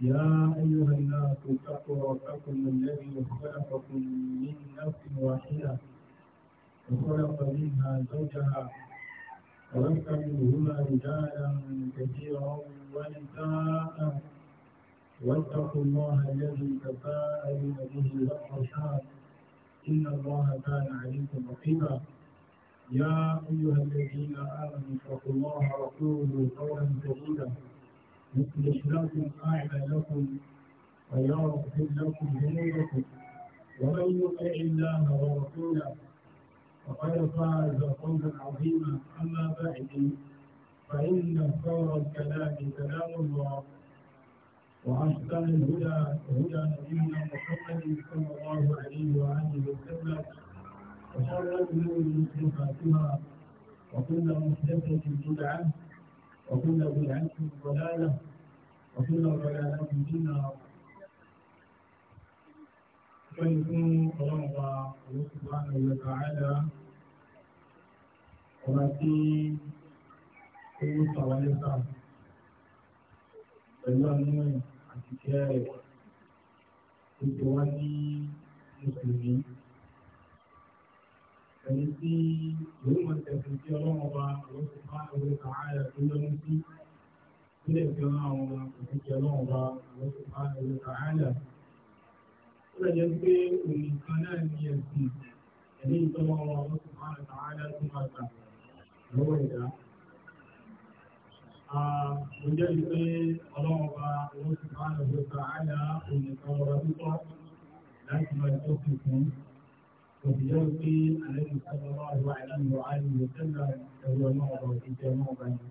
يا أيها الناس اتقوا ربكم الذي خلقكم من نفس واحدة وخلق منها زوجها ورزق منهما رجالا كثيرا ونساء واتقوا الله الذي تساءلون به والأرحام إن الله كان عليكم رقيبا يا أيها الذين آمنوا اتقوا الله وقولوا قولا سديدا يصلح لكم أعمالكم ويغفر لكم ذنوبكم ومن يطع الله ورسوله فقد فاز فوزا عظيما أما بعد فإن خير الكلام كلام الله وأحسن الهدى هدى نبينا محمد صلى الله عليه وآله وسلم وشر الأمور محدثاتها وكل محدثة بدعة وكل بدعة ضلالة وكل ضلالة في النار فليكن رضا الله سبحانه وتعالى ọba كل ó ń sọ̀rọ̀ nípa pẹ̀lú àánú المسلمين rẹ̀ tó wá ní mùsùlùmí. èyí tí ìlú mọ̀tẹ̀sí tí ọlọ́wọ́ bá lọ́wọ́ ti bá àwọn ìka tó lọ́wọ́ sí sílẹ̀ fi hàn àwọn òfin tí ọlọ́wọ́ bá lọ́wọ́ ti bá àwọn ìka ó lè jẹ́ pé òun nìkan náà ní ẹ̀sìn ẹ̀mí ìtọ́lọ́wọ́ lọ́wọ́ ti bá ìka ààrẹ tó máa gbà lọ́wọ́ ìdá. mo jẹ́ pé ọlọ́wọ́ bá lọ́wọ́ ti bá àwọn ìka ààrẹ òun nìkan lọ́wọ́ òṣìṣẹ́ pé àlejò sábà wà wà lánàá àlejò tẹ́lá ẹ̀rọ ọlọ́ọ̀bà òṣìṣẹ́ ọlọ́ọ̀bà yìí.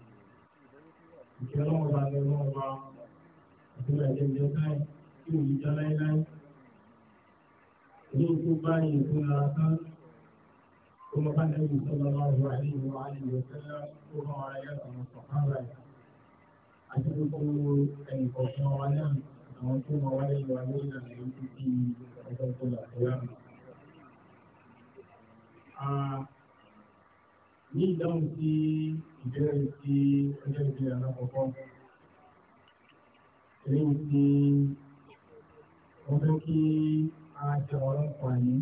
òṣìṣẹ́ ọlọ́ọ̀bà ni ọlọ́ọ̀bà ìpínlẹ̀ ìjẹ́jẹ́ sáì tí ò ní já láíláí. ilé ikú báyìí tó nara mọ bá lẹ́yìn sábà wà wà lẹ́yìn wà àlejò tẹ́lá ó bá wà ayé àwọn sọ̀kárà yìí. àti gbogbo ẹnì kọ̀ọ̀kan wa náà àwọn tó mọ wáyé wa lórí àwọn tó ti ọjọ́ tó lọ sí àná ní ìdáhùn sí ìbéèrè tí ọjọ́ ìbéèrè alákọ̀ọ́kọ́ èyí tí wọ́n fẹ́ kí a jẹ ọlọ́pàá yìí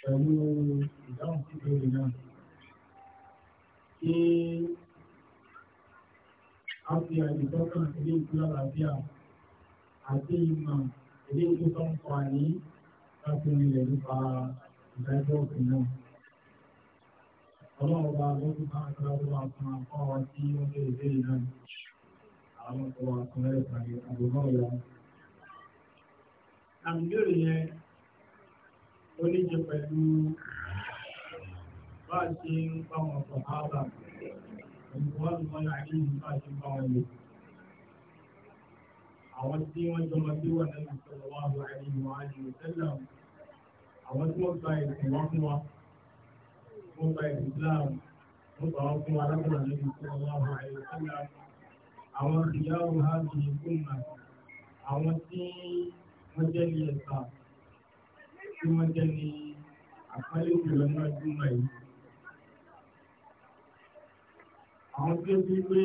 pẹ̀lú ìdáhùn sí ìbéèrè náà kí a fi àìsọ́kàn ilé ìtura àlàáfíà àti ìmọ̀ ilé ìtura ń pa ní láti rìn lẹ́nu pa ìdájọ́ òfin náà. Ọlọ́run ọba ló ti bá ìgbàlódé àtún àpá wa tí ó lé ìwé ìlànà àwọn ọkọ̀ àkọọ́lẹ̀ ìpàdé àbúrò ọ̀la. Àmì ìbéèrè yẹn ó ní jẹ pẹ̀lú bá a ṣe ń bá wọn sọ ábà olùkọ́ ló wọn láàrin ìlú bá a ṣe ń bá wọn lò. Àwọn tí wọ́n jọmọ sí wọn lẹ́nu sọ̀rọ̀ wọn àbúrò àìyí wọn á lè tẹ́lẹ̀ wọn. àwọn tí wọ́n gba ẹ̀sìn wọn fún wa wọ́n gba ẹ̀sìn Islam wọ́n gbà wọ́n fún wa lábẹ́ àlejò fún ọlọ́run àìsílá àwọn ìyá òun á di gómìnà àwọn tí wọ́n jẹ́ ní ẹ̀sà tí wọ́n jẹ́ ní àpálẹ́ òkèlè náà gómìnà yìí. àwọn tí ó ti pé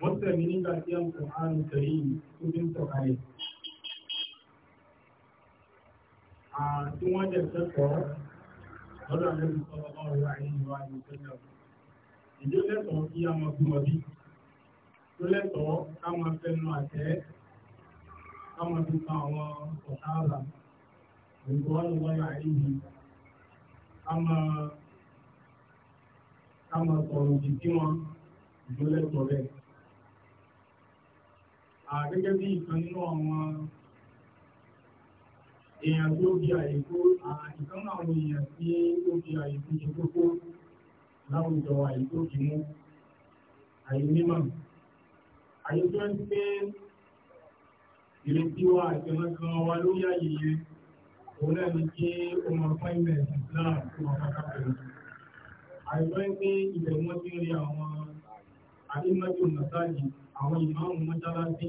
wọ́n tẹ̀lé nígbà tí àwọn àrùn tẹ̀lé yìí tó fi ń sọ̀kalẹ̀. tí wọ́n jẹ́ kẹ́kọ̀ọ́ lọ́dọ̀ lẹ́nu sọ́dọ̀ ọ̀rọ̀ àyíwá ìṣẹ́lẹ̀ ìdí lẹ́tọ̀ọ́ kí a máa bímọ bí tó lẹ́tọ̀ọ́ ká máa fẹnu àtẹ́ ká máa fi kan àwọn ọ̀tààlà òǹkọ́ ìwọ́yọ̀ àyíwí ká máa sọ̀rọ̀ òdì sí wọn ìdí lẹ́tọ̀ọ́ bẹ́ẹ̀. àgẹ́gẹ́ bí ìkan nínú àwọn èèyàn tó bí àyíkó ìkan àwọn èèyàn tí ó bí àyíkó ṣe kókó láwùjọ àyíkó kì mú àyínímọ̀ àyíkó ń pé ìrètí wa àti ọmọkan wa ló yá yìí òun náà ni kí ọmọ appointment náà tó wọn kàkà pẹ̀lú àyíkó ń pé ibẹ̀ wọ́n ti rí àwọn àdémọ́jò mọ́sáàjì àwọn ìmáàmù mọ́sálásí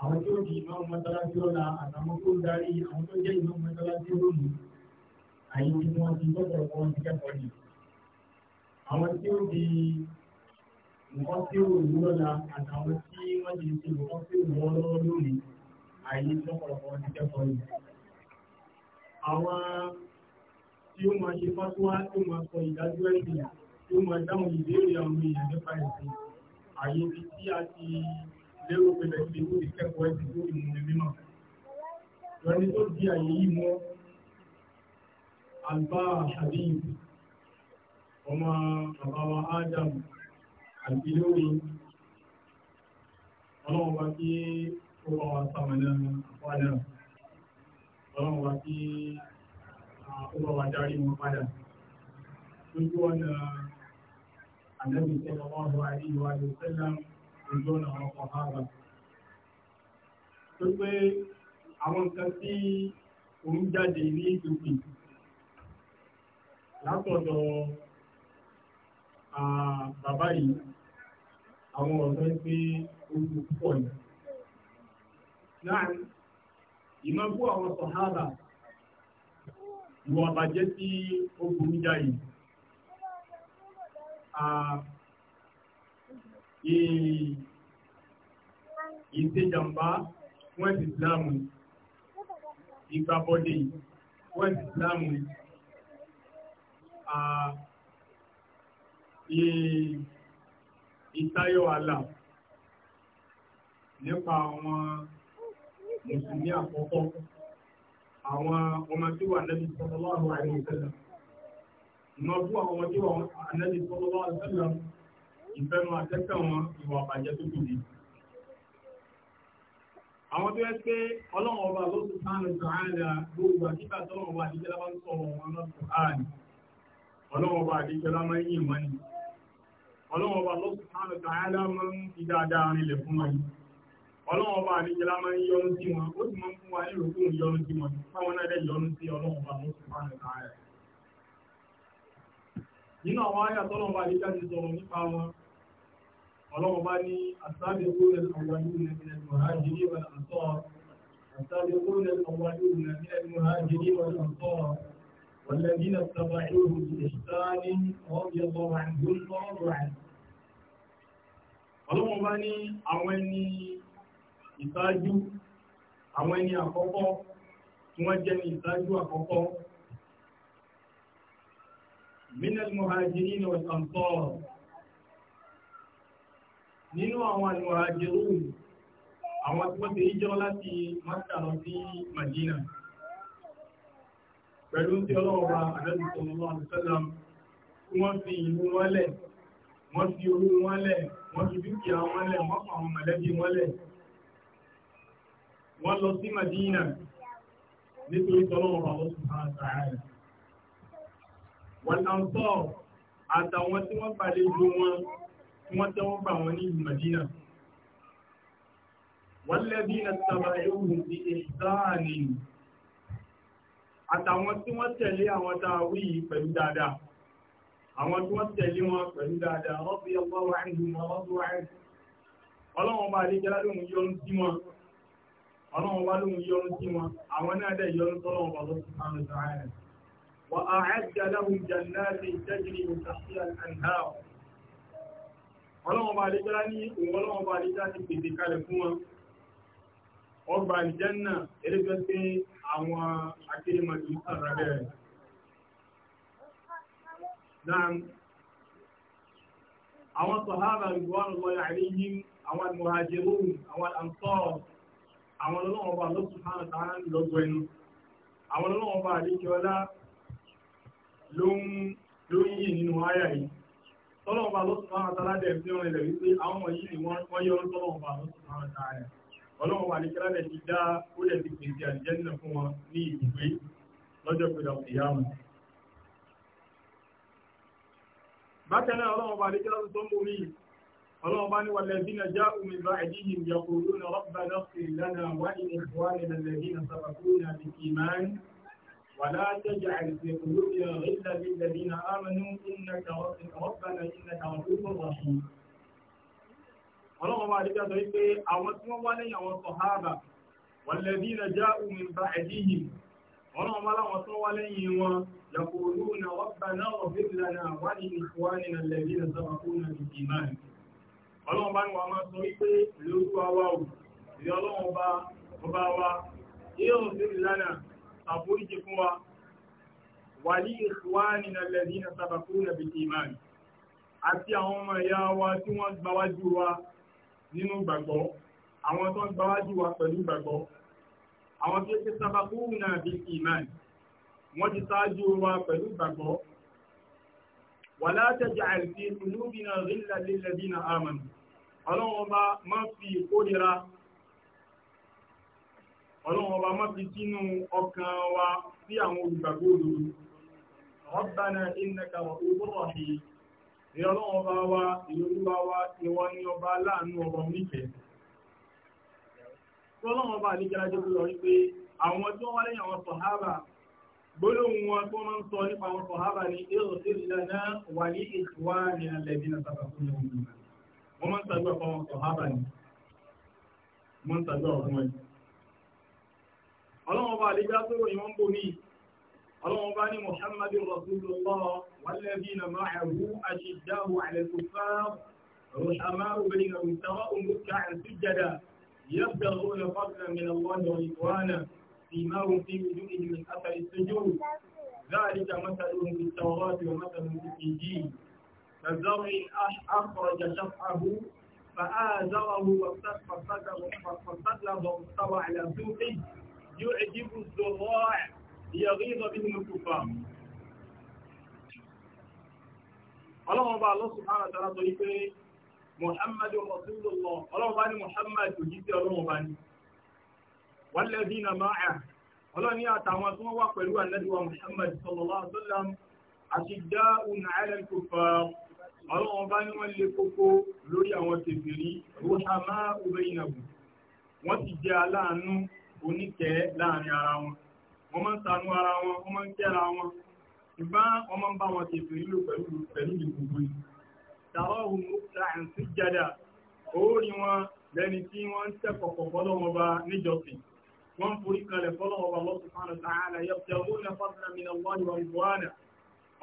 àwọn tó di ìmọ̀ mọ́tàlájú ọ̀la àtàwọn tó darí àwọn tó jẹ́ ìmọ̀ mọ́tàlájú lónìí àyè tí wọ́n ti gbọ́dọ̀ wọn ti kẹ́kọ̀ọ́ ni. àwọn tí ó di nǹkan tí ó wù lọ́la àtàwọn tí wọ́n ti ṣe nǹkan tí ó wù ọ́ lọ́wọ́ lónìí àyè tí wọ́n kọ̀ọ̀kan wọn ti kẹ́kọ̀ọ́ ni. àwọn tí ó máa ṣe fásitì tó máa sọ ìdájọ́ ẹ̀sìn tó máa dáhùn ìbéèrè àwọn èèyàn nípa ẹ̀sìn àyè tí a ti lérò pé bẹ̀rẹ̀ sí ìwé ìkẹ́kọ̀ọ́ ẹ̀sìn lórí ìmọ̀ mímọ́. Ìrọ̀lẹ́ tó di àyè yìí mọ́ Alba Shadid, ọmọ bàbá wa Adam àti lórí ọlọ́run wa kí ó bá wa sàmàlà padà. Ọlọ́run wa kí ó bá wa darí wọn padà. Lójú ọ̀nà àdẹ́bìtẹ́ ọmọ ọ̀rọ̀ àìyíwájú sẹ́lẹ̀ ìjọ́n àwọn ọkọ̀ hàrá. Tó pé àwọn nǹkan tí òun jáde ní ìtòkì látọ̀dọ̀ bàbá yìí, àwọn ọ̀rọ̀ pé oṣù púpọ̀ ni. Láàrín ìmọ̀gbó àwọn sọ̀hárà ìwọ̀n àbàjẹ́ tí ó burú jáyìí ìṣèjàmbá fún ẹ̀sìn ìsìláàmù ìgbàbọ̀dé fún ẹ̀sìn ìsìláàmù ìtayọ̀ àlà nípa àwọn mùsùlùmí àkọ́kọ́ àwọn ọmọ tí wà nẹ́bí sallallahu alaihi wasallam. Ìmọ̀ fún àwọn ọmọ tí wà nẹ́bí sallallahu alaihi wasallam ìfẹ́nu àtẹ́tẹ̀ wọn ìwà àbàjẹ́ tó kù ní. Àwọn tó yẹ pé ọlọ́run ọba ló ti sáànù sàárà gbogbo àkíkà tọ́lọ́run ọba àdíjẹ́lá bá ń sọ̀rọ̀ wọn lọ́sùn ààrẹ. Ọlọ́run ọba àdíjẹ́lá máa ń yìn wọ́n ni. Ọlọ́run ọba ló ti sáànù sàárà máa ń fi dáadáa rinlẹ̀ fún wọn. Ọlọ́run ọba àdíjẹ́lá máa ń yọ́nú sí wọn. Ó sì máa ń fún wa ní ìrókùn yọ́nú sí wọn. Fáwọn nínú àwọn ayà tọ́lọ̀ sọ̀rọ̀ nípa wọn ọlọ́wọ́ bá ní السابقون الأولون من المهاجرين والأنصار السابقون الأولون من المهاجرين والأنصار والذين اتبعوهم بإحسان رضي الله عنهم ورضوا عنه ọlọ́wọ́ bá ní àwọn ẹni ìsáájú àwọn ẹni àkọ́kọ́ tí wọ́n jẹ́ ní ìsáájú àkọ́kọ́ minal muhajirin wal ansar nínú àwọn al-muhajirun àwọn tí wọ́n ti jọ láti Mákà lọ sí Madina pẹ̀lú tí ọlọ́ọ̀wà àdẹ́bùsọ̀lọ́wọ́ àdúsọ́lọ́m wọ́n fi ìlú wọ́lẹ̀ wọ́n fi orú wọ́lẹ̀ wọ́n fi dúkìá wọ́lẹ̀ wọ́n fà àwọn mọ̀lẹ́bí wọ́lẹ̀ wọ́n lọ sí Madina nítorí tọ́lọ́wọ́ tí wọ́n tẹ́wọ́ gbà wọn ní Madina walladhina taba'uhum bi ihsanin àtàwọn tí wọ́n tẹ̀lé àwọn dáwí pẹ̀lú dáadáa àwọn tí wọ́n tẹ̀lé wọn pẹ̀lú dáadáa rọ́bì ọgbà wà ń dùn wọn rọ́bì wà ń dùn ọlọ́wọ́n bá adé jẹ́lá lóhun yọrù sí wọn ọlọ́wọ́n bá lóhun yọrù sí wọn àwọn náà dẹ̀ yọrù tọ́lọ́wọ́n bá lọ́sùn sánú sàárẹ̀ wọ́n ọlọ́wọ́n bá lè jẹ́lá ní ìwọlọ́wọ́n bá lè jẹ́lá ti pèsè kalẹ̀ fún wọn ọgbà àlìjẹ́nà eréjọ́ pé àwọn akérèmọ̀lú sára bẹ̀rẹ̀ dáam àwọn sọ̀hábà ìwọ̀n lọ́yà àwọn muhajirun àwọn ansar àwọn ọlọ́wọ́n bá lọ́sùnmọ́ tàà lọ́gbọ̀ ẹnu àwọn ọlọ́wọ́n bá àlejò ọlá ló ń yìí nínú áyà yìí tọ́lọ́wọ́ bá lọ́sùn máa tààrà dẹ̀ fi rìn rẹ̀ wípé àwọn ọmọ yìí ni wọ́n yọ tọ́lọ́wọ́ bá lọ́sùn máa tààrà ọlọ́wọ́ wà ní kíra dẹ̀ ti dá ó dẹ̀ ti pèsè àjẹ́nà fún wọn ní ìgbé lọ́jọ́ pẹ̀lú ìyáàmù bákan náà ọlọ́wọ́ bá ní kíra tó ولا تجعل في قلوبنا غلا للذين آمنوا إنك ربنا إنك رؤوف رحيم ọlọ́wọ́ bá dídá sọ wípé àwọn tí wọ́n wá lẹ́yìn àwọn sọ̀hábà والذين جاءوا من بعدهم ọlọ́wọ́ bá láwọn tí wọ́n wá lẹ́yìn wọn يقولون ربنا اغفر لنا ولإخواننا الذين سبقونا بالإيمان ọlọ́wọ́ bá ní wọ́n máa sọ wípé lórúkọ wa ò sí ọlọ́wọ́ bá wa yóò fi lánàá ṣàforíjì fún wa wàlí ìṣúwánì na lẹ́dí na sábàkú na bí ìmáàlì àti àwọn ọmọ ìyá wa tí wọ́n gbáwájú wa nínú gbàgbọ́ àwọn tó ń gbáwájú wa pẹ̀lú gbàgbọ́ àwọn tí ó ti sábàkú na bí ìmáàlì wọ́n ti sáájú wa pẹ̀lú gbàgbọ́ wàlá tẹ̀jà àìsí ìlú bí na rí ọlọ́run ọba má sínú ọkàn wa sí àwọn olùgbàgbọ́ òdodo Rabbana innaka ra'ufur rahim ní ọlọ́run ọba wa ìlúwa wa ìwọ ni ọba aláàánú ọ̀rọ̀ nífẹ̀ẹ́ tí ọlọ́run ọba lọ àwọn tí wọ́n wá lẹ́yìn àwọn sọ̀hábà wọn tó máa ń sọ nípa àwọn sọ̀hábà wọn ni ọlọ́wọ́n bá àlejò àtọ́rọ̀ yìí wọ́n ń bò ní ọlọ́wọ́n bá ní muhammadu rasulullah walladhina ma'ahu ashiddahu 'ala al-kuffar رحماء بينهم سواء ركعا سجدا يبتغون فضلا من الله ورضوانا سيماهم في وجوههم من اثر السجود ذلك مثلهم في التوراة ومثلهم في الإنجيل كزرع أخرج شفعه فآزره فاستغلظ واستوى على سوقه يعجب الزراع ليغيظ بهم الكفار ọlọ́wọ́n bá Allah subhanahu wa ta'ala sọ wípé Muhammadu Rasulullah ọlọ́wọ́n bá ní Muhammad òjísé ọlọ́wọ́n bá ní walladhina ma'ahu ọlọ́ni àtàwọn tí wọ́n wà pẹ̀lú àlẹ́dùwà Muhammad sallallahu alaihi wasallam ashidda'un 'ala al-kuffar ọlọ́wọ́n bá ní wọ́n lè kókó lórí àwọn tèfèrí ruhama'u bainahum wọ́n ti jẹ́ aláàánú oníkẹ́ láàrin ara wọn wọ́n máa ń ṣàánú ara wọn wọ́n máa ń kẹ́ra wọn ṣùgbọ́n wọ́n máa ń bá wọn kèfè nílò pẹ̀lú pẹ̀lú ìgbògbò yìí tààrọ̀ ohun ràn sí jada orí wọn lẹ́ni tí wọ́n ń tẹ́kọ̀kọ̀ fọ́lọ́wọ́ bá níjọsìn wọ́n forí kalẹ̀ fọ́lọ́wọ́ bá lọ́sùn fún àwọn tààlà yẹ kí ọdún náà fọ́sùnà mi náà wọ́n yọ ìbò àná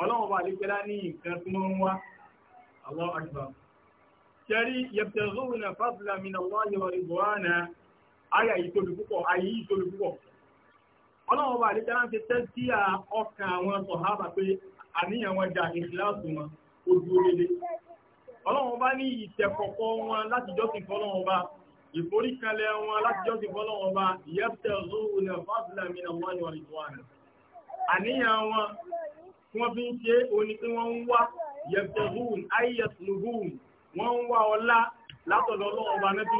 ọlọ́wọ́ bá àlékelá ní nǹkan tí wọ́n ń wá Allahu akbar. Ṣẹ́rí yẹ kí ọdún náà fọ́sùnà mi náà wọ́n yọ ìbò àná àyà yìí tóbi púpọ̀ àyè yìí tóbi púpọ̀ ọlọ́run ọba àdéjà láti tẹ́tí à ọkàn àwọn sọ̀hábà pé àníyàn wọn da ìkíláàsì wọn ó dúró lélẹ̀ ọlọ́run ọba ní ìtẹ̀kọ̀kọ̀ wọn láti jọ́sìn fọlọ́run ọba ìforíkalẹ̀ wọn láti jọ́sìn fọlọ́run ọba ìyẹ́pẹ̀ lóòrùn fásilà mi náà wọ́n ní ọ̀rẹ́ ìwọ̀n rẹ̀ àníyàn wọn tí wọ́n fi ń ṣe oní pé wọ́n ń wá yẹ̀pẹ̀ lóòrùn ayẹ̀sùn lóòrùn wọ́n ń wá ọlá látọ̀dọ̀ ọlọ́run ọba náà ṣe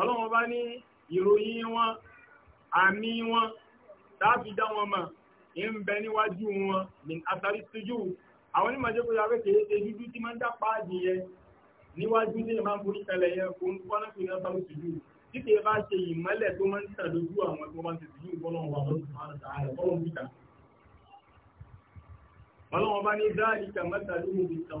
ọlọ́run bá ní ìròyìn wọn àmì wọn tàbí dá wọn mọ̀ ń bẹ níwájú wọn ní àtàrí sójú àwọn onímọ̀ jẹ́ kó yàrá kèé ṣe dúdú tí máa ń dápá adìyẹ níwájú ní ìmá borí tẹlẹ yẹn kó ń kọ́nà pé ní àtàrí sójú tí kèé bá ṣe ìmọ́lẹ̀ tó máa ń tàn lójú àwọn tó máa ń tètè yìí bọ́lọ̀ wà lọ́wọ́ bá ní dáàlì kàmẹ́ta lóhùn ìtàn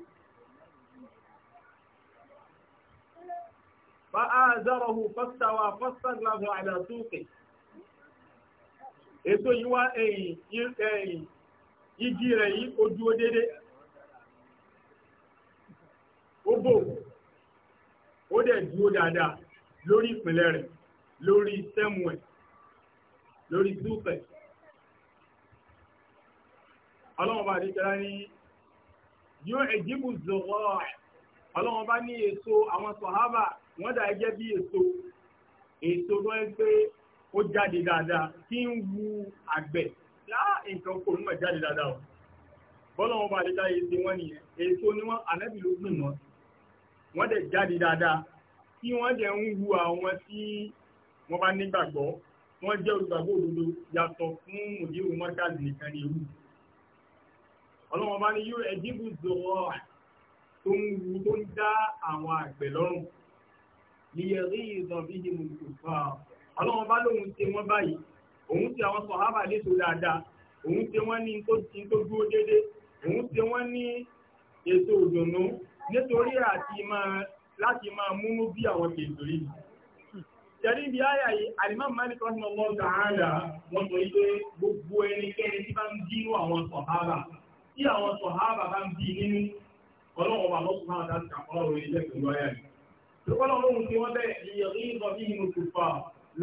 فآزره فاستوى فاستغلظ على سوقه èso yìí wá ẹ̀yìn igi rẹ̀ yìí ó dúró dédé ó bò ó dẹ̀ dúró dáadáa lórí ìpìlẹ̀ rẹ̀ lórí sẹ́mu ẹ̀ lórí súpẹ̀ ọlọ́run bá dìtẹ́lá ní yóò ẹ̀jíbù zọ̀rọ̀ ọlọ́run bá ní èso àwọn sọ̀hábà wọ́n dà gẹ́gẹ́ bí èso èso tó ń pé ó jáde dáadáa tí ń wu àgbẹ̀ lá nǹkan kò ní mọ̀ jáde dáadáa o bọ́lá wọn bá lè dá èso wọn nìyẹn èso ni wọn ànábì ló gbìn wọn wọ́n dẹ̀ jáde dáadáa tí wọ́n dẹ̀ ń wu àwọn tí wọ́n bá nígbàgbọ́ wọ́n jẹ́ olùgbàgbọ́ òdodo yàtọ̀ fún mùdírù mọ́tàlì nìkan ní ewu ọlọ́wọ́n bá ní yóò ẹ̀dínkù zọ̀ọ́ tó ń wu tó ń dá àwọn àgbẹ̀ lọ́rùn níyẹrí ìdọ̀bí ni mo kò fà á. ọlọ́run bá lóun wọ́n báyìí òun ṣe àwọn sọ̀hábà léṣo dáadáa òun ṣe wọ́n ní tó dúró déédé òun ṣe wọ́n ní ètò òdùnnú nítorí láti máa múnú bí àwọn yìí, wọ́n sọ ilé gbogbo ẹnikẹ́ni tí bá ń àwọn sọ̀hábà. Tí àwọn sọ̀hábà bá ń bí nínú, lọ́sùn lọ́kọ́lọ́ ohun tí wọ́n bẹ̀rẹ̀ ìyọ̀rí ìbọ̀ bí inú kò fà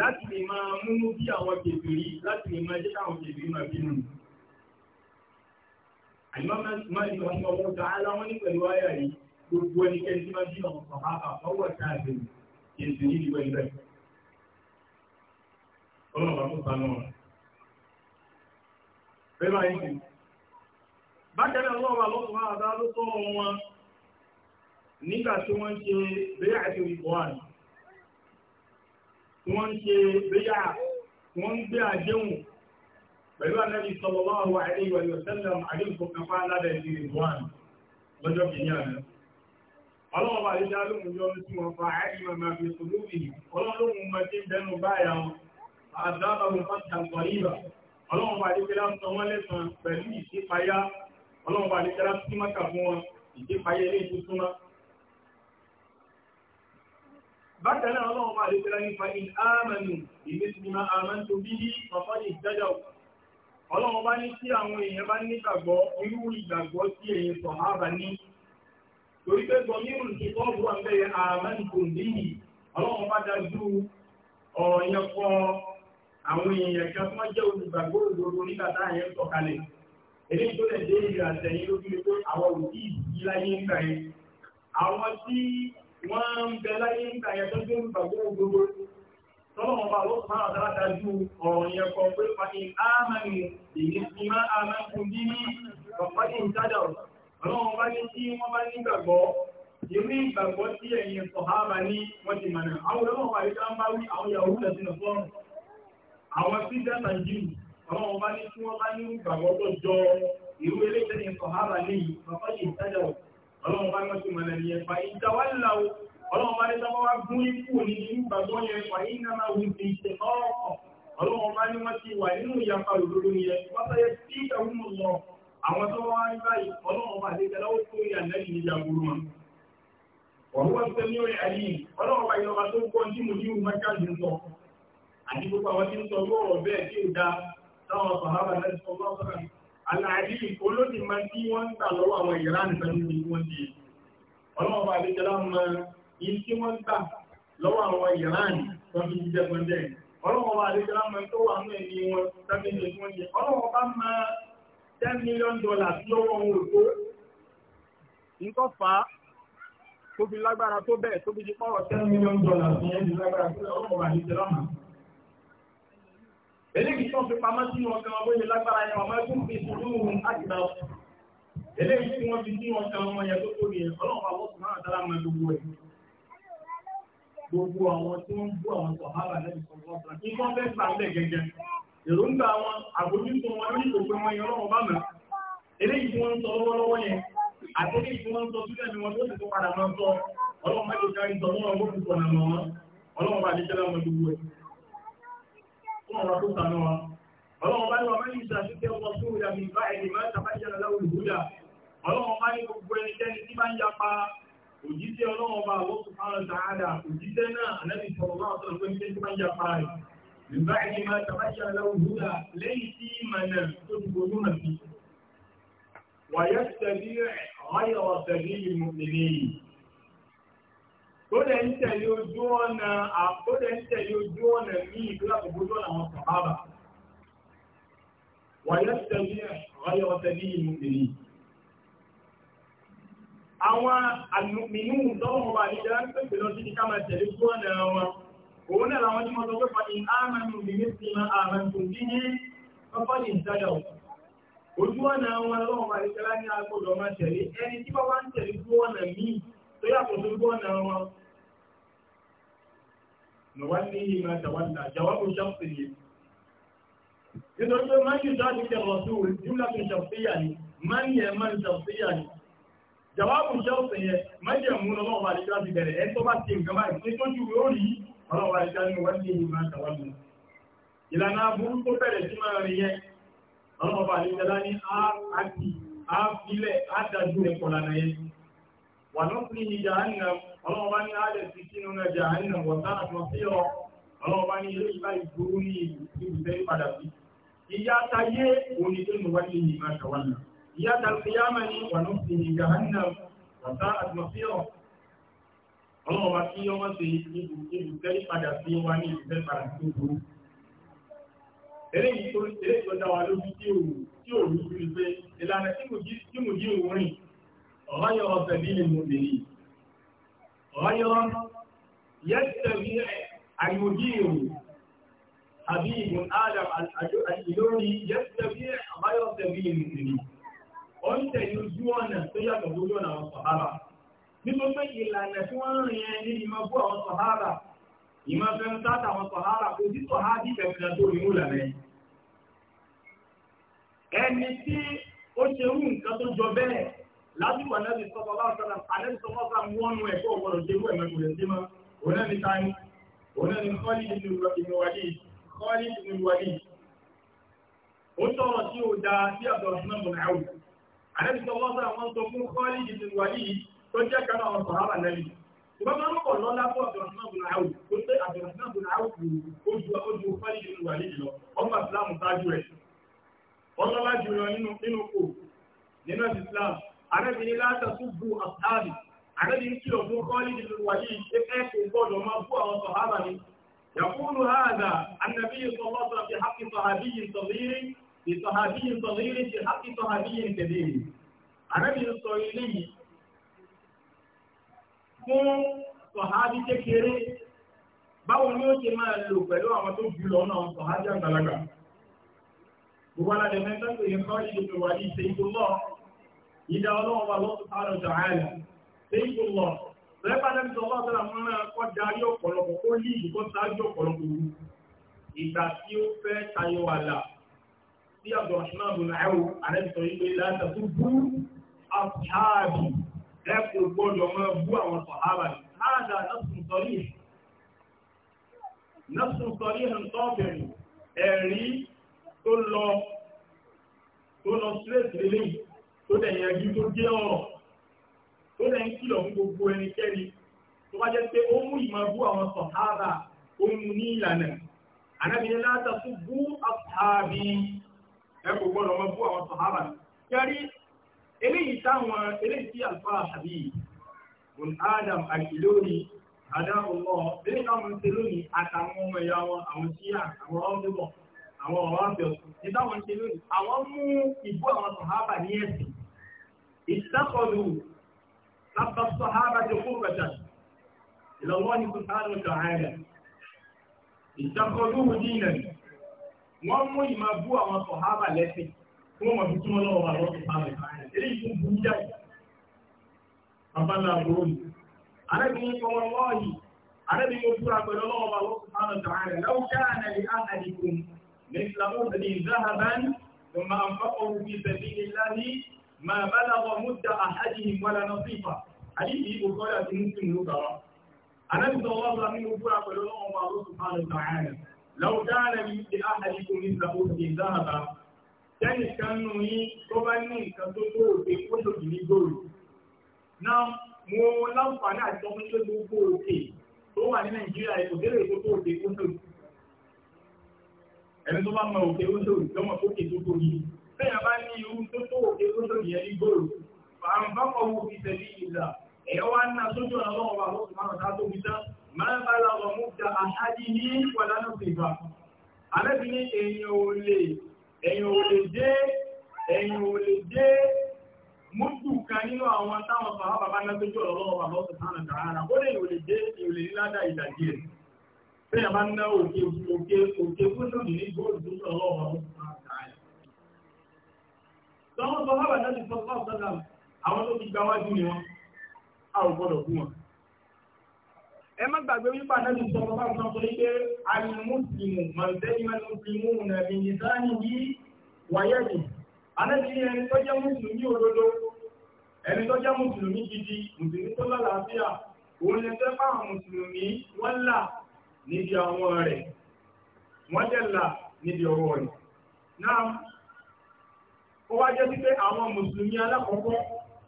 láti lè máa múnú bí àwọn kèfèrí láti lè máa jẹ́ káwọn kèfèrí máa bínú. àyíká máa ní wọn kọ́ wọn dáhàlá wọn ní pẹ̀lú ayà yìí gbogbo ẹnikẹ́ni tí máa bí ọmọ sọ̀hábà fọwọ́ káàdì kèfèrí ní pẹ̀lú ẹ̀. ọlọ́run bá tún sanu wọn. bẹ́ẹ̀ bá yín bákẹ́rẹ́ ọlọ́run àlọ́ nígbà tí wọ́n ṣe bẹ́yà àti ìbọ̀wàn tí wọ́n ṣe bẹ́yà wọ́n gbé àdéhùn pẹ̀lú ànábì sallallahu alaihi wa sallam àdéhùn tó kàn fáà ládà ìdí ìbọ̀wàn lọ́jọ́ kìíní àná ọlọ́wọ́ àdéjá lóhun yọ ní tí wọ́n fa àárín màmá fi sòlóbì ọlọ́lọ́hun mọ́ tí ń bẹnu báyà wọn àdábàbùn fásitì àgbọ̀ríbà bákan náà ọlọ́run bá lè tẹ́lá nípa in ámànù ìmísìmá àmántò bí i pàpá ìdájà ọlọ́run bá ní tí àwọn èèyàn bá ní gbàgbọ́ irú ìgbàgbọ́ tí èèyàn sọ ábà ní torí pé gọmírùn ti kọ́ bú àbẹ́yẹ àmántò bí i ọlọ́run bá dájú ọ̀rọ̀ yẹn kọ àwọn èèyàn kan tó jẹ́ olùgbàgbọ́ òdodo nígbà táyẹ̀ ń sọ̀kalẹ̀ eléyìí tó lẹ̀ wọ́n ń bẹ láyé ń ta ẹ̀tọ́ tó ń gbàgbọ́ gbogbo tọ́lọ́wọ́n bá ló máa dáadáa ju ọ̀rọ̀ yẹn kọ pé pàtí ámàmì èyí ti máa ámàkùn bí ní ọ̀pọ̀dé ìtajà ọlọ́wọ́n bá ní tí wọ́n bá nígbàgbọ́ ìrí ìgbàgbọ́ tí ẹ̀yìn sọ̀hábà ní wọ́n ti mọ̀nà àwọn ọlọ́wọ́n bá rí ká ń bá rí àwọn yahoo lẹ́sìn lọ fún àwọn tí dẹ́ta jù ọlọ́wọ́n bá ní tí wọ́n bá ní ìgbàgbọ́ tó jọ ìrú eléyìí sọ̀hábà ní ọ̀pọ̀dé ìtajà ọ̀pọ̀ ọlọ́run bá yọ́sí mọ̀lẹ̀ ní ẹ̀fà ìtawálàwò ọlọ́run bá lẹ́ta wá gún ikú ní ìgbàgbọ́ yẹn fà ìnáma wùn ti ṣe ọ̀ọ̀kọ̀ ọlọ́run bá ní wọ́n ti wà nínú ìyapa òdodo ni ẹ̀ wọ́tẹ́yẹ sí ìdàgún lọ àwọn tó wá rí báyìí ọlọ́run bá lẹ́ta lọ́wọ́ tó rí ànẹ́lì ní ìjàgbóró wọn. ọ̀rọ̀ tó ní Àlàrí olóòdì máa tí wọ́n ń tà lọ́wọ́ àwọn Iran pẹ̀lú ní wọ́n di. Ọlọ́ọ̀bà àdéjọlá mọ in tí wọ́n ń tà lọ́wọ́ àwọn Iran tó fi jíjẹ pẹ̀lẹ́. Ọlọ́ọ̀bà àdéjọlá mọ tó wà ní ẹ̀mí wọn tẹ́mi ní fi lágbára tó bẹ́ẹ̀ tó fi di pọ́wọ́ ten million dollars ní ẹni lágbára tó lọ́wọ́ àdéjọlá mọ eléyìí tó fi pamọ́ sí wọn kan wọ́n yẹ lágbára yẹn ọmọ ẹkún fi sùúrù àgbà eléyìí tí wọ́n fi sí wọn kan wọn yẹn tó tóbi yẹn ọlọ́run àwọn ọ̀sùn náà dára mọ gbogbo ẹ̀ gbogbo àwọn tí wọ́n ń bú àwọn sọ̀hábà lẹ́yìn sọ̀rọ̀ kí wọ́n fẹ́ gbà lẹ̀ gẹ́gẹ́ èròǹgbà àwọn àbójútó wọn lórí gbogbo wọn yẹn ọlọ́run bá mọ̀ eléyìí tí wọ́n ń sọ lọ́wọ́lọ́wọ́ yẹn àti eléyìí tí wọ́n ń sọ sílẹ̀ ni wọ́n tó ti tó padà máa ń sọ ọlọ́run fún ọ̀rọ̀ tó sànú wọn. ọlọ́run bá ní wọn máa ń yí ìṣàṣìṣẹ́ wọn tó ìyá mi bá ẹni máa ń tàbájára láwùjọ ìhúdà ọlọ́run bá ní gbogbo ẹnikẹ́ni tí bá ń yapa òjíṣẹ́ ọlọ́run bá wọ́n tó fara dáadáa òjíṣẹ́ náà ànábì sọ̀rọ̀ náà sọ̀rọ̀ pé níṣẹ́ tí bá ń yapa rẹ̀ ìgbà ẹni máa lẹ́yìn tí tó dẹ̀ ń tẹ̀lé ojú ọ̀nà tó dẹ̀ ń tẹ̀lé ojú ọ̀nà ní ìgbéra gbogbo ojú ọ̀nà àwọn sàbábà wàyẹ̀ tẹ̀lé ọ̀yẹ̀ ọ̀tẹ̀ ní ìlú mìírí àwọn àlùmínú tọ́wọ́ wọn bá ní ìdára ń pèsè lọ sí ní ká máa tẹ̀lé ojú ọ̀nà wọn òun náà làwọn tí wọ́n sọ pé fàdí àmàlù mímí sí àmàlù bí ní ojú ọ̀nà wọn lọ́wọ́ àríkẹ́lá ní agbọ́dọ̀ máa tẹ̀lé ẹni tí bá wá ń tẹ̀lé ojú ọ̀nà míì tó yàtọ̀ sí ojú ọ̀nà wọn نوليه ما تولى جواب شخصي يقول من يشارك الرسول جملة شخصية من يمن شخصية جواب شخصي من يمون الله على الكلام بره أنت ما تيم كما يكون جوري الله على الكلام نوليه ما تولى إلى نابون كبر اسمه ريه الله على الكلام آ أكيد آ فيله آ تجوله كلامه ونصله جهنم ọlọ́run bá ní ààrẹ sí sínú náà jahannam wọ̀tá àtọ́síọ̀ ọlọ́run bá ní ilé ìbá ìgboro ní ibùsẹ̀ ìpadà sí. ìyá tayé òní tó nù wáyé ní ìmọ̀ àtàwálà ìyá tàlùkìyàmà jahannam wọ̀tá àtọ́síọ̀ ọlọ́run bá kí ọmọ sí ibùsẹ̀ ìpadà sí wa ní ibùsẹ̀ ìpadà sí òkú. eléyìí tó dá wa lójú tí òòrùn tí òòrùn fi pé ìlànà tí غير سبيل المؤمنين غير يتبع المدير حبيب آدم الإلوني يتبع غير سبيل المؤمنين wọ́n tẹ̀lé ojú ọ̀nà tó yàtọ̀ lójú ọ̀nà àwọn sàhábà nínú pé ìlànà tí wọ́n rìn ẹ ní ìmọ̀ fún àwọn sàhábà ìmọ̀ fẹ́ ń sáta àwọn sàhábà kò sí sàhábì kẹfìlà tó rí múlẹ̀ mẹ́ ẹni tí ó ṣe rú nǹkan tó jọ bẹ́ẹ̀ lásìkò ànábì sọ́kọ̀ bá sọ́nà ànábì sọ́kọ̀ sá wọ́nú ẹ̀kọ́ ọ̀gbọ̀rọ̀ jẹ́rú ẹ̀mẹ́ kò lè símá òun ní tani òun ní Khalid ibn Walid Khalid ibn Walid ó sọ̀rọ̀ tí ó da sí Abdurrahman ibn Awf ànábì sọ́kọ̀ sá wọ́n sọ fún Khalid ibn Walid tó jẹ́ kan àwọn sàhábà ànábì ìbá máa ń kọ̀ lọ́lá fún Abdurrahman ibn Awf tó tẹ́ Abdurrahman ibn Awf ojú ojú Khalid ibn Walid lọ ọmọ Islam tájú ẹ̀ ọlọ́lá jùlọ nínú kò nínú Islam arábìnrin látà tún bu àtàbí arábìnrin kí ọdún kọ́lì nínú wàyí ẹgbẹ́ kò gbọ́dọ̀ máa bú àwọn sọ̀hábà ni يقول هذا النبي صلى الله عليه وسلم في حق صحابي صغير في صحابي صغير في حق صحابي كبير arábìnrin sọ ilé yìí fún sọ̀hábí kékeré báwo ni ó ṣe máa lò pẹ̀lú àwọn tó jù lọ náà sọ̀hábí àgbàlagbà gbogbo aládẹ̀mẹ́ta tó yẹ kọ́ ìdòkè wà ní ìṣèjọ́ náà ìdá ọlọ́wọ́ lọ́tù tààrà jàáyà tẹ́yìnkù lọ rẹ́pà lẹ́bí tó ọlọ́tọ́ la mọ́ra kọ́ darí ọ̀pọ̀lọpọ̀ ó ní ìdíkọ́ sáájú ọ̀pọ̀lọpọ̀ wú ìgbà tí ó fẹ́ tayọ àlà sí abdulrahman bin awo àrẹ́bìtọ̀ yìí pé láti tó bú àpáàbì ẹ̀kọ́ gbọ́dọ̀ máa bú àwọn sọ̀hábà láàdà nọ́sùn sọ̀rí nọ́sùn sọ̀rí tó dẹ̀ yanjú tó jẹ́ ọ̀rọ̀ tó dẹ̀ ń kìlọ̀ fún gbogbo ẹnikẹ́ni tó bá jẹ́ pé ó mú ìmọ̀ bú àwọn sọ̀hábà ó mú ní ìlànà anábìnrin láta fún bú àbí ẹ kò gbọ́dọ̀ mọ bú àwọn sọ̀hábà kẹrí eléyìí táwọn eléyìí tí àlùfáà àbí bùn Adam àkìlórí adáhùnmọ́ eléyìí táwọn ṣe lónìí àtàwọn ọmọ ẹ̀yà wọn àwọn síyà àwọn ọmọdébọ̀ àwọn ọ̀rọ̀ àbẹ̀wò ní táwọn ṣe lónìí àwọn mú ìbú àwọn sọ̀hábà ní ẹ̀sìn اتخذوا حب الصحابة قربة إلى الله سبحانه وتعالى اتخذوه دينا wọ́n mú ìmọ̀ bú àwọn sọ̀hábà lẹ́sìn tí wọ́n mọ̀ fi túnmọ́ lọ́wọ́ wà lọ́sùn sáré eré ìfún bú jáì abala àbúrò ni arábìnrin kan wọn lọ́ọ̀yì arábìnrin mo búra ما بلغ مدة أحدهم ولا نصيفة حديث بخاري في مسلم نظرة أنا صلى الله عليه وسلم قال لهم الله سبحانه وتعالى لو كان لأحدكم مثل أحد ذهبا tẹ́nì kan nù ní tó bá ní nǹkan tó tó òkè kóṣòkì ní góòlù náà mo láǹfààní àti ọmọ tó gbogbo òkè tó wà ní nàìjíríà èkó délé tó tó òkè kóṣòkì ẹni tó bá mọ òkè kóṣòkì lọ́mọ tó kè tó tó yìí bẹ́ẹ̀ bá ní irú tó tó òkè tó tó yẹ ní góòlù àwọn bá kọ̀ wọ́n fi tẹ̀lé ìlà ẹ̀yọ́ wa ń na sójú ọ̀nà lọ́wọ́ wa lọ́sùn márùn tá tó fi tán máa ń bá lọ́wọ́ mú da àṣáájì ní pàdánù ìgbà alẹ́bí ní èèyàn ò lè èèyàn ò lè dé èèyàn ò lè nínú àwọn táwọn sọ̀rọ̀ bàbá náà sójú ọ̀nà lọ́wọ́ wa lọ́sùn márùn tá tó sọ̀rọ̀ lọ́wọ́ tọ́wọ́n sọ hábà náà ti sọ fún ọ̀sán àwọn tó ti gba wájú ni wọn a ò gbọ́dọ̀ fún wọn. ẹ má gbàgbé wípé àdájú sọ fún ọ̀sán sọ pé àmì mùsùlùmù mọ̀lẹ́bí máa ń mùsùlùmù nàbí ìsáni yìí wáyé mi. àdájú ni ẹni tó jẹ́ mùsùlùmí òdodo ẹni tó jẹ́ mùsùlùmí gidi mùsùlùmí tó lálàáfíà òun lè fẹ́ fáwọn mùsùlùmí wọ́n là níbi àwọn rẹ̀ wọ́n jẹ́ là níbi ọwọ́ rẹ̀. náà ó wá jẹ́ wípé àwọn mùsùlùmí alákọ̀ọ́kọ́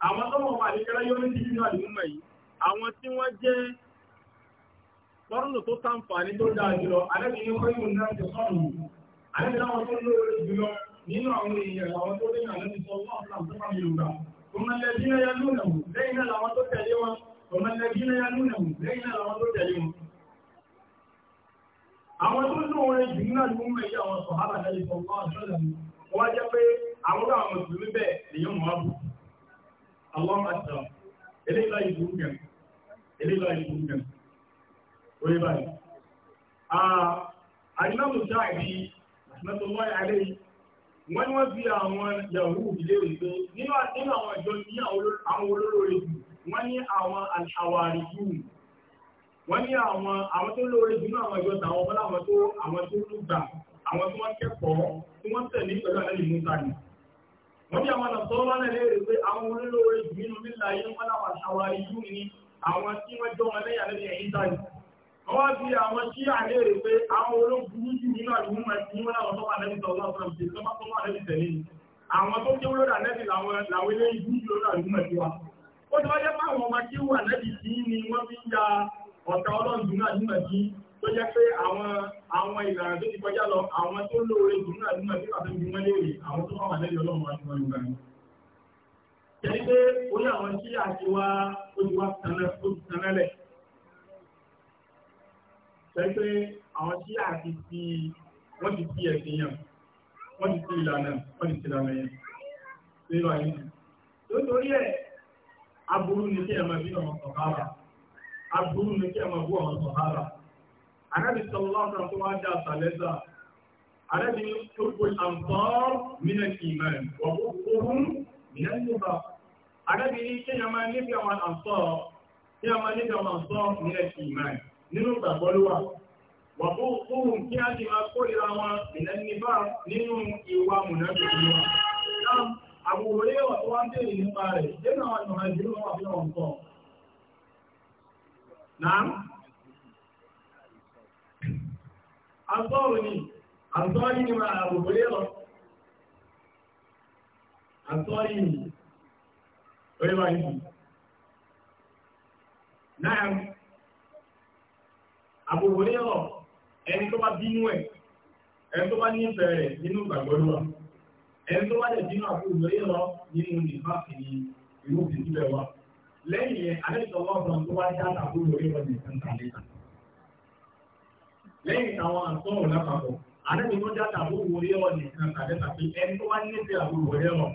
àwọn tó mọ̀ wà ní kẹ́lá yóò ní ti nínú àdìmúmọ̀ yìí àwọn tí wọ́n jẹ́ kọ́rùnù tó tàǹfààní tó dáa jùlọ alẹ́bìnrin kọ́ yóò náà ti sọ́rùn alẹ́bìnrin àwọn tó lóore jùlọ nínú àwọn èèyàn àwọn tó lẹ́yìn àwọn ìsọ ọlọ́run tó máa yóò gbà ọmọlẹ́bí náà yá lónà wù lẹ́yìn náà làwọn tó tẹ̀lé wọn ọmọlẹ́bí náà yá lónà wù lẹ́yìn náà làwọn tó tẹ̀lé wọn àwọn tó lóore jù náà ló mẹ́yà àwọn sọ̀hábà lẹ́yìn sọ̀rọ̀ àwọn tó àwọn mùsùlùmí bẹ́ẹ̀ lèyàn mọ́ bú Allahumma àtà eléyìí láyé burú gan eléyìí láyé burú gan orí báyìí àìmọ́mù sáàbí àtúnátọ́lọ́ àlẹ́ wọ́n ni wọ́n fi àwọn yahoo ilé ìgbé nínú àwọn ìjọ ní àwọn olólórí jù wọ́n ní àwọn àṣàwárí jù wọ́n ní àwọn àwọn tó lóore jù náà àwọn ìjọ tàwọn tó àwọn tó lùgbà àwọn tí wọ́n kẹ́kọ̀ọ́ tí wọ́n tẹ̀lé pẹ̀lú àlẹ́ ìmúta nìyí wọ́n ní àwọn nàṣọ́rọ́ náà lè rí pé àwọn olólóore jù nínú nílà yìí wọ́n láwọn àṣàwà ìlú ni àwọn tí wọ́n jọ wọn lẹ́yìn àlejò ẹ̀yìn dání. wọ́n wá bí àwọn tí à lè pé àwọn olóògùn jù nínú àdúgbò máa ti wọ́n láwọn tó wà lẹ́yìn tọ́lá fúnramùsì tó bá tó wà tẹ̀lé àwọn tó jẹ́ olóòdà lẹ́bi làwọn eléyìí jù tó jẹ́ pé àwọn àwọn ìlànà tó ti kọjá lọ àwọn tó lóore jù náà nínú ẹ̀bí pàtó ju wọ́n léèrè àwọn tó wà lẹ́yìn ọlọ́run àti wọn yorùbá ni. Jẹ́ni pé ó ní àwọn tí a ti wá ó ti wá tanẹ́lẹ̀. Jẹ́ pé àwọn tí a ti fi wọ́n ti fi ẹ̀sìn yàn wọ́n ti fi ìlànà wọ́n ti fi ìlànà yẹn nínú ayé. Nítorí ẹ̀ aburú ni kí ẹ máa bí ọmọ sọ̀hárà aburú ni kí ẹ máa bú ọmọ sọ̀hárà. Àrẹ́bí sọ̀rọ̀lọ́sọ̀rọ̀ tó wá dá Sàlẹ́sà. Àrẹ́bí Tókò Àǹtọ́r Mínà Ìmẹ̀, wọ̀bú ohun Mínà Ìmọ̀. Àrẹ́bí ní kí a máa níbi àwọn àǹtọ́r, kí a máa níbi àwọn àǹtọ́r Mínà Ìmẹ̀ nínú ìgbàgbọ́lúwà. Wọ̀bú ohun kí a ti máa kórìíra wọn Mínà Ìmọ̀ nínú ìwà Mùnàbíyíwà. Àbúrò yẹ́ wà tó wá ń bèèrè nípa rẹ̀, jẹ́ náà àwọn ìmọ̀ àtọ́rù ni àtọ́rí ni máa àbòbòlé lọ àtọ́rí ni orí ẹni tó bá ẹni tó bá nífẹ̀ẹ́ rẹ̀ ẹni tó bá lè bínú àbòbòlé lọ nínú nìfàkì ni irú òfin lẹ́yìn táwọn àtọ́rọ̀ lápapọ̀ àdẹ́bí tó já tàbí wòrí ọ̀ nìkan tàbí tàbí ẹni tó bá ní ti àbúrò wòrí ọ̀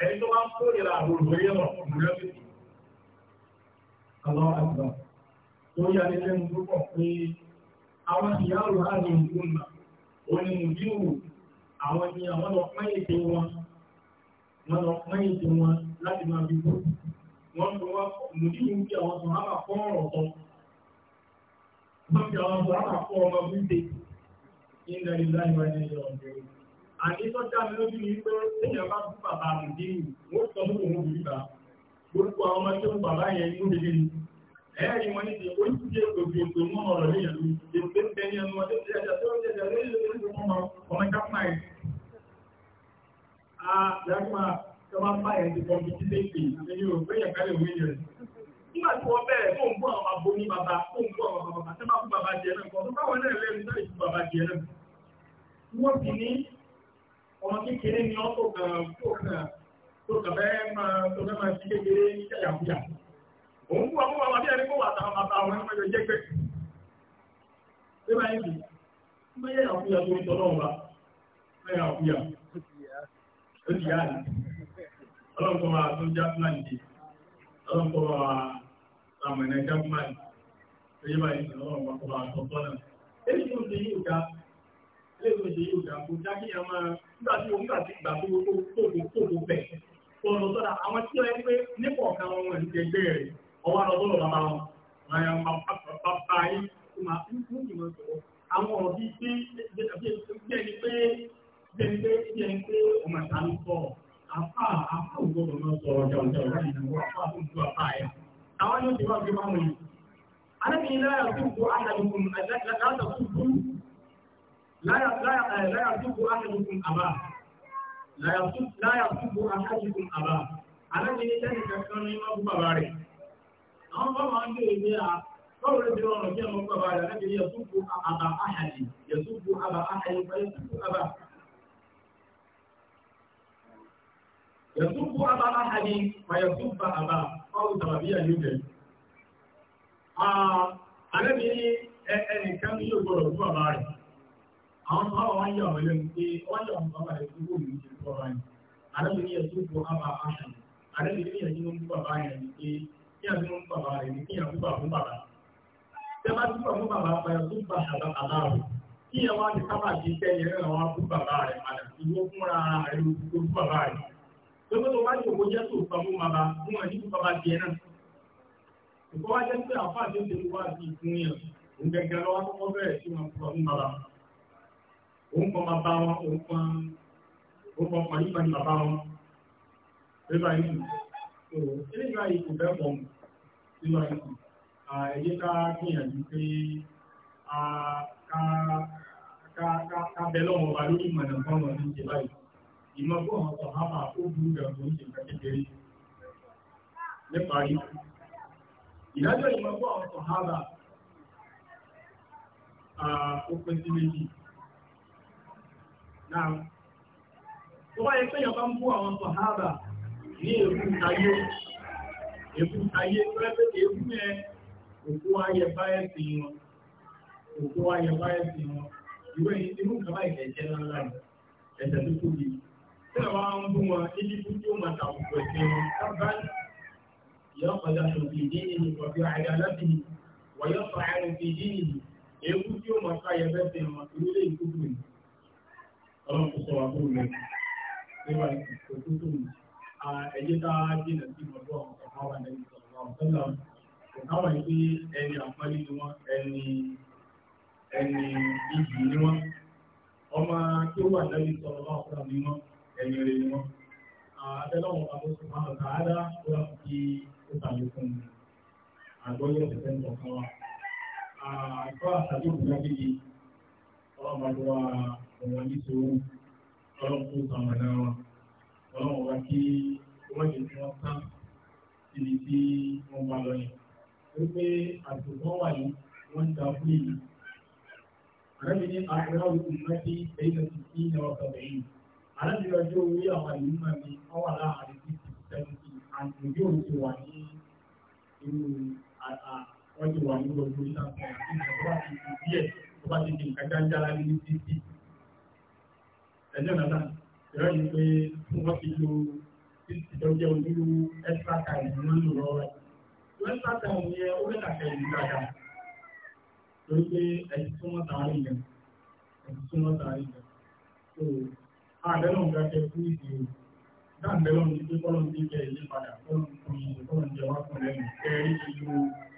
ẹni tó bá ń kó àbúrò wòrí ọ̀ mùrẹ́bí. àlọ́ àgbà tó yá ní lẹ́nu púpọ̀ pé àwọn ìyáàrò àmì ìgbóná òní ìdíwò àwọn ni àwọn lọ pẹ́ ètè wọn wọn lọ pẹ́ ètè wọn láti máa fi wọn lọ wá mùdíwò bí àwọn sọ̀rọ̀ lókè àwọn ọmọ àpapọ̀ ọmọ wíńdè ní ilẹ̀ ìlà ìwà ní ilẹ̀ ọ̀gbẹ̀. àní tó dá mi lójú ní pé èèyàn bá kú bàbá mi dínú wọ́n sọ fún òun òbí bá gbogbo àwọn ọmọ tó ń bàbá yẹn ní òbí nínú. ẹ̀ẹ́rì wọn ní ti ó ti ṣe gbogbo ètò mọ́ ọ̀rọ̀ léyìn lórí ètò ìgbẹ́ni ẹnu ọdún ti ẹja tó ń jẹjẹ lórí ọmọ ọmọ jápá ẹ̀. a yàgbọ́n nígbà tí wọ́n bẹ̀rẹ̀ fún gbọ́ àwọn abomi bàbá fún gbọ́ àwọn bàbá tẹ́ bá fún bàbá jẹ náà kọ́ tó báwọn náà lẹ́nu náà fún bàbá jẹ ni wọ́n tó kàn tó kàn tó kàn bẹ́ẹ̀ máa tó fẹ́ máa fi kékeré yàyàkúyà. òun fún àwọn bàbá bí ẹni kó wà táwọn bàbá àwọn ẹni máa jẹ pé. bí wọ́n yẹn bí yàyàkúyà tó ń tọ́lọ́ wa yàyàkúyà ó ti yá ni ọlọ́run tó já àmọ̀nà germany tó yíba ìṣẹ̀lọ́wọ́ ọkọ̀bà àtọ̀tọ́nà èyí tó ṣe yíò ga eléyìí tó ṣe yíò ga kò já kí ẹmọ nígbà tí òun gbàtí gbà tó kókó bẹ̀ tọ̀nà sọ́dà àwọn tí ó yẹ pé nípa ọ̀kan wọn wọn ìṣe ẹgbẹ́ rẹ̀ ọwọ́ àlọ́tọ́lọ́ bàbá wọn àwọn bàbá yìí tó ọ̀rọ̀ bíi pé bí pé bí pé bí pé ọmọ ìta àpá àpá òun gbọ́dọ̀ náà sọ̀rọ̀ jẹun àpá àpá òun àpá yẹn àwọn yóò ti máa gbé máa wọ̀nyí. anábìyí láyà túbú ahàdùkùn láyà túbú láyà túbú ahàdùkùn àbá láyà túbú ahàdùkùn àbá anábìyí lẹ́nu kankan ní wọ́n bú bàbá rẹ̀. àwọn bá máa ń gbé ìwé a báwo ló ti rọrùn kí ọmọ bàbá rẹ̀ anábìyí yẹ túbú àbá ahàdì yẹ túbú àbá ahàdì yẹ túbú àbá. يسب أبا أحد ويسب أباه ọdún tàbíyà yóò jẹ́. Àrẹ́bí ní ẹnìkan ní yóò gbọ́dọ̀ fún bàbá rẹ̀. Àwọn bàbá wọn yà wọ́n lẹ́nu pé wọ́n yà wọn bàbá rẹ̀ fún bóòlù ní ìlú ọ̀rọ̀ yìí. Àrẹ́bí ní ẹ̀sùn fún bàbá àṣà. Àrẹ́bí ní ẹ̀sùn fún bàbá rẹ̀ ní pé kí a fún bàbá rẹ̀ ní kí a fún bàbá fún bàbá. Tẹ́ bá fún bàbá fún bàbá pa ẹ̀sùn fún bàbá àbá rẹ̀. Kí ẹ wá ní sábà kí kẹ́ yẹn rẹ̀ wá fún bàbá rẹ̀ padà. Ìwọ fúnra rẹ̀ ló fún bàbá rẹ̀ pé tó bá jòkó jẹ́ tó sọ fún bàbá fún ẹ̀ nínú bàbá tiẹ̀ náà. Ìkọ́ wá jẹ́ pé àfáà tó ṣe wá sí ìfún yẹn, òun gẹ́gẹ́ lọ́wọ́ kọ́kọ́ bẹ̀rẹ̀ sí wọn sọ fún bàbá. Òun kọ́ bàbá wọn, òun kọ́ òun kọ́ pàdé pàdé bàbá wọn. Bébà yìí, tó ilé ìgbà yìí kò bẹ́ẹ̀ pọ̀ mù síwá yìí. Ẹ̀yẹ ká gbìyànjú pé ká bẹ lọ́wọ́ wa lórí ìmọ̀nà ìmọ̀gbọ́n àwọn sọ̀hámà ó burú gàgbọ́n ṣe kékeré níparí ìdájọ́ ìmọ̀gbọ́n àwọn sọ̀hámà òpin sí méjì náà tó wáyé pé yọba ń bú àwọn sọ̀hámà ní èkú tayé èkú tayé tó ẹgbẹ́ èkú yẹn òkú ayẹ báyẹ̀ sí wọn òkú ayẹ báyẹ̀ sí wọn ìwé ìdímú kàbá ìkẹ̀jẹ́ ńlá ẹ̀jẹ̀ tó tóbi tẹ́lẹ̀ wá ń bú wọn níbi tí tí ó máa ta òkú ẹ̀sìn wọn sábàáyì yóò padà sùn fi dín ní ìkọ̀bí àìdá láti ní wọ́n yóò fa àrùn fi dín ní ewu tí ó máa káyẹ bẹ́sẹ̀ wọn ìwúlé ìkúkú ni ọlọ́run kò sọ wà fún mi nígbà ìkókó ẹ̀jẹ̀ tá a dínà sí ọdún àwọn ọ̀sán wà lẹ́yìn ọ̀sán àwọn ọ̀sán náà ẹni rẹ̀ ni wọ́n. Adẹ́lọ́wọ̀n àbúrò máa ń tààdá wá kí ó tàbí fún àgbọ́yọ̀ ìfẹ́ ìtọ̀kan wa. Àgbọ́ àtàbí òkúta gidi, ọlọ́mọdé wa ọ̀wọ́n ní sòrò, ọlọ́mọdé sàmàdá wa, ọlọ́mọdé wa kí wọ́n lè fún wọn tán ibi tí wọ́n bá lọ yẹn. Wípé àtùkọ́ wà yìí, wọ́n ọ̀sẹ̀ yìí alábìyàn ọjọ́ orí àwọn ìlú náà ni wọ́n wà láàárín fifty seventy and ìdí òun ti wà ní inú wọ́n ti wà ní gbogbo ìṣàkóso àti ìṣàkóso àti ìdíẹ̀ tó bá ti di nǹkan jájára ní fifty. ẹjọ́ nàdá ìrọ́ ni pé fún wọ́n ti lo fifty ojú extra time ni wọ́n lò lọ́wọ́ rẹ̀. extra time yẹ ó lè kàkẹ́ ìlú dáadáa torí pé ẹ̀sìn tí wọ́n tààrí yẹn ẹ̀sìn tí wọ́n tààrí yẹn àbẹ́lọ́n gẹ́gẹ́ fún ìdíwò dáàbẹ́lọ́n ti pé kọ́lọ́n ti jẹ ilé padà kọ́lọ́n fún ìṣẹ́ kọ́lọ́n jẹ wá fún lẹ́nu kẹrí ìlú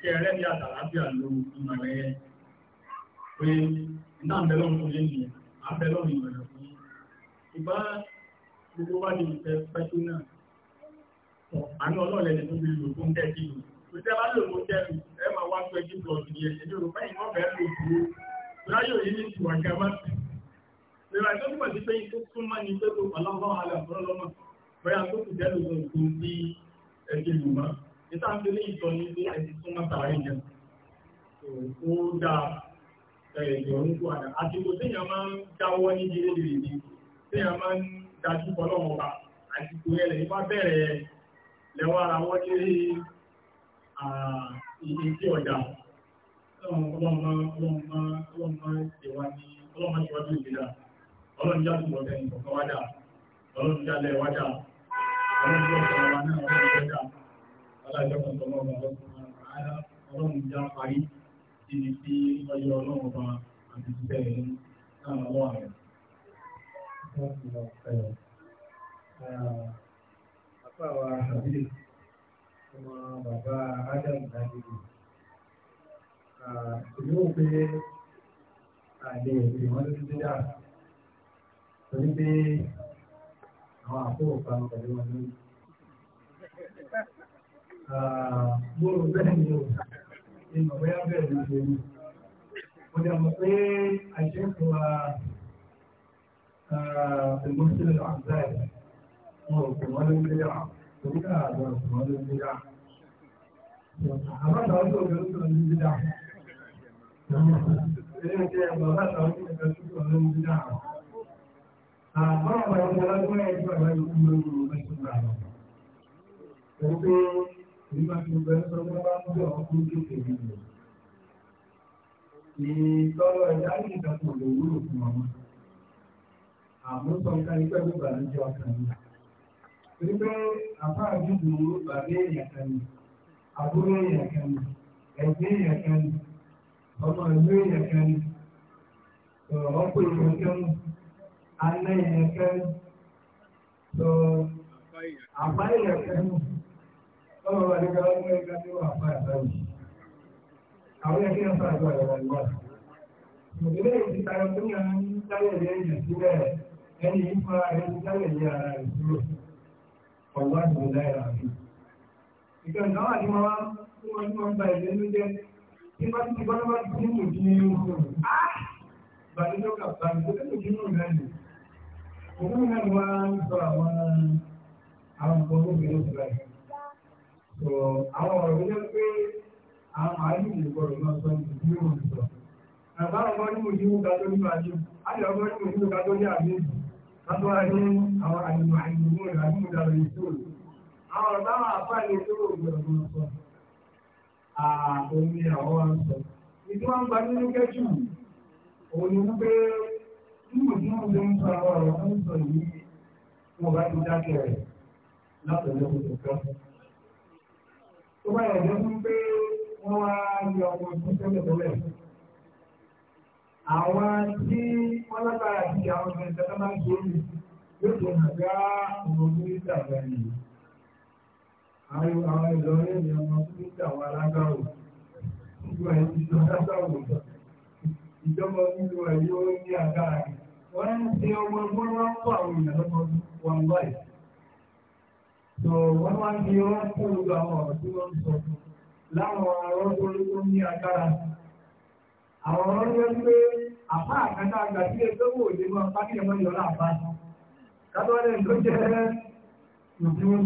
kẹrẹ́ ní àtàlábíà lo ìmọ̀lẹ́ yẹn pé dáàbẹ́lọ́n fún lé nìyẹn àbẹ́lọ́n ìmọ̀lẹ́ fún yín gbogbo bá di ìfẹ́ pẹ́tù náà àánú ọlọ́ọ̀lẹ́ ni tó fi lò fún kẹ́kì lò kò tẹ́ bá lò fún kẹ́kì ẹ máa wá twenty plus yẹn ẹ̀dùn rò pẹ́yìn Bẹ̀rẹ̀ àti ọdún pàdé pé tó tún máa ní pé tó ọlọ́mọ alàbọ̀rọ̀ lọ́mọ. Bẹ̀rẹ̀ àti ọdún jẹ́ lóògùn tó ń bí ẹgbẹ́ ìlúmọ́. Níta ń tẹ́lé ìtọ́ ní pé ẹni tó máa tààrà ìjẹun. Ó dáa ẹ̀yọ̀ ń kú àdá. Àsìkò téèyàn máa ń dáwọ́ ní ilé ìrìndì, téèyàn máa ń dájú ọlọ́mọ bá. Àsìkò yẹn lè bá bẹ̀rẹ̀ lẹ́wọ́ ara wọ́n lé ìdí ọ̀dà ọlọ́mọ ọlọ́mọ ọlọ́run jáde lọ bẹ́ẹ̀ nǹkan wájà ọlọ́run jáde wájà ọlọ́run jáde ọ̀sán wa náà ọlọ́run wájà alájọ kan tọ́lọ́ ọba ọlọ́run já parí síbi tí ọjọ́ ọlọ́run ọba àti ìṣiṣẹ́ rẹ̀ náà lọ́wọ́ rẹ̀. Bàbá wa Habib, ọmọ bàbá Adam Dadibu, ìlú òfin àlè ìwọ́n ló ti dé dáa torí pé àwọn àkókò kan pẹ̀lú wọn ní. Gbóòrò bẹ́ẹ̀ ni o, ní ọ̀bẹ́yà bẹ́ẹ̀ ni o ní. Mo dẹ̀ mọ̀ pé àṣẹ́kù wa المسلم العباد وكمان البدع وبدع وكمان البدع وصحابات عودوا وجلسوا البدع لما كان بابات عودوا وجلسوا البدع Àbọ̀rọ̀ ìjọba tó ẹ̀ tí bàbá yìí kúrò ní ọmọ ìṣúra rẹ̀. Pẹ̀lú pé nígbà tí ó bẹ̀rẹ̀ sọ pé bá ń bọ̀ ọkùnrin kékeré rẹ̀. Ìtọ́lọ̀ ẹ̀dá ní ìtàkùn kan ni, àbúrò kan ni, ẹ̀gbẹ́ kan ni, ọmọ ìlú kan ni, ọ̀pọ̀ èèyàn kan ni alẹ́ yẹn kẹ́ sọ àbá yẹn kẹ́ lọ́wọ́ wà nígbà wọn mú ẹgbẹ́ tí wọ́n àbá ẹ̀fẹ́ yìí àwọn yẹn kí wọ́n sọ àgbà ẹ̀rọ ìgbà ìdílé ìdí tayọ tó yàn ń dáyẹ̀ lé ẹ̀yẹ̀ sílẹ̀ ẹni yìí fún ara rẹ̀ ń dáyẹ̀ lé ara rẹ̀ dúró ọ̀wọ́ àdúgbò dáyẹ̀ àfi ìkẹ́ńtà wà ní wọn tí wọ́n ní wọn gba ìdílé ló jẹ́ nígbà tí ìbọn bá ti ń mú Ìlú náà máa ń sọ àwọn àwọn nǹkan tó fi lóṣù láì. So àwọn ọ̀rọ̀ wọlé pé àwọn àyè lè gbọ́dọ̀ máa sọ ní ìlú òun sọ. Àbá ọmọ ní òjì wúka tó ní máa jẹun. Á lè ọmọ ní òjì wúka tó ní àbí. Látọ́ wa ní àwọn àyèmọ̀ àyèmọ̀ rẹ̀ àbí mo dàrú ìṣòro. Àwọn ọ̀rọ̀ táwọn àfáà lè tó ògbọ̀dọ̀ máa sọ. Àà omi àwọn sọ. Ìtú ń gbajú ní kẹ́jù. Òun ni wípé tí mo ní mo ń sọ àwọn ọ̀rọ̀ tó ń sọ yìí mo bá ti dákẹ́ rẹ̀ látọ̀lẹ́ mo tó kọ́. tó bá yẹ̀ lẹ́nu pé wọ́n wá ní ọmọ tó tẹ́lẹ̀ tẹ́lẹ̀. àwọn tí wọ́n lágbára ti àwọn ọmọ ìjọba máa ń ṣe é yìí yóò tó hàn bí wọ́n ń ṣe ọmọ ẹgbọ́n wọn kọ́ àwọn èèyàn lọ́mọ wọn báyìí. tó wọ́n wá ní wọ́n kó gbogbo àwọn ọ̀rọ̀ tí wọ́n ń sọ láwọn ọ̀rọ̀ olóko ní agbára. àwọn ọ̀rọ̀ ló ń pé àbá àkàtà àgbà tí ẹ tó wò lé wọn pákí ẹ̀mọ́ yọ láàbá. kátólẹ̀ ló jẹ́ ìdúró.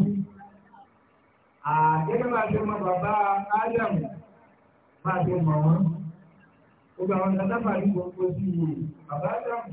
àgẹ́gẹ́ bá ṣe mọ bàbá ádámù bá ṣe mọ̀ wọ́n. gbogbo àwọn ìdájọ́ bá ní gbogbo sí i bàbá ádámù.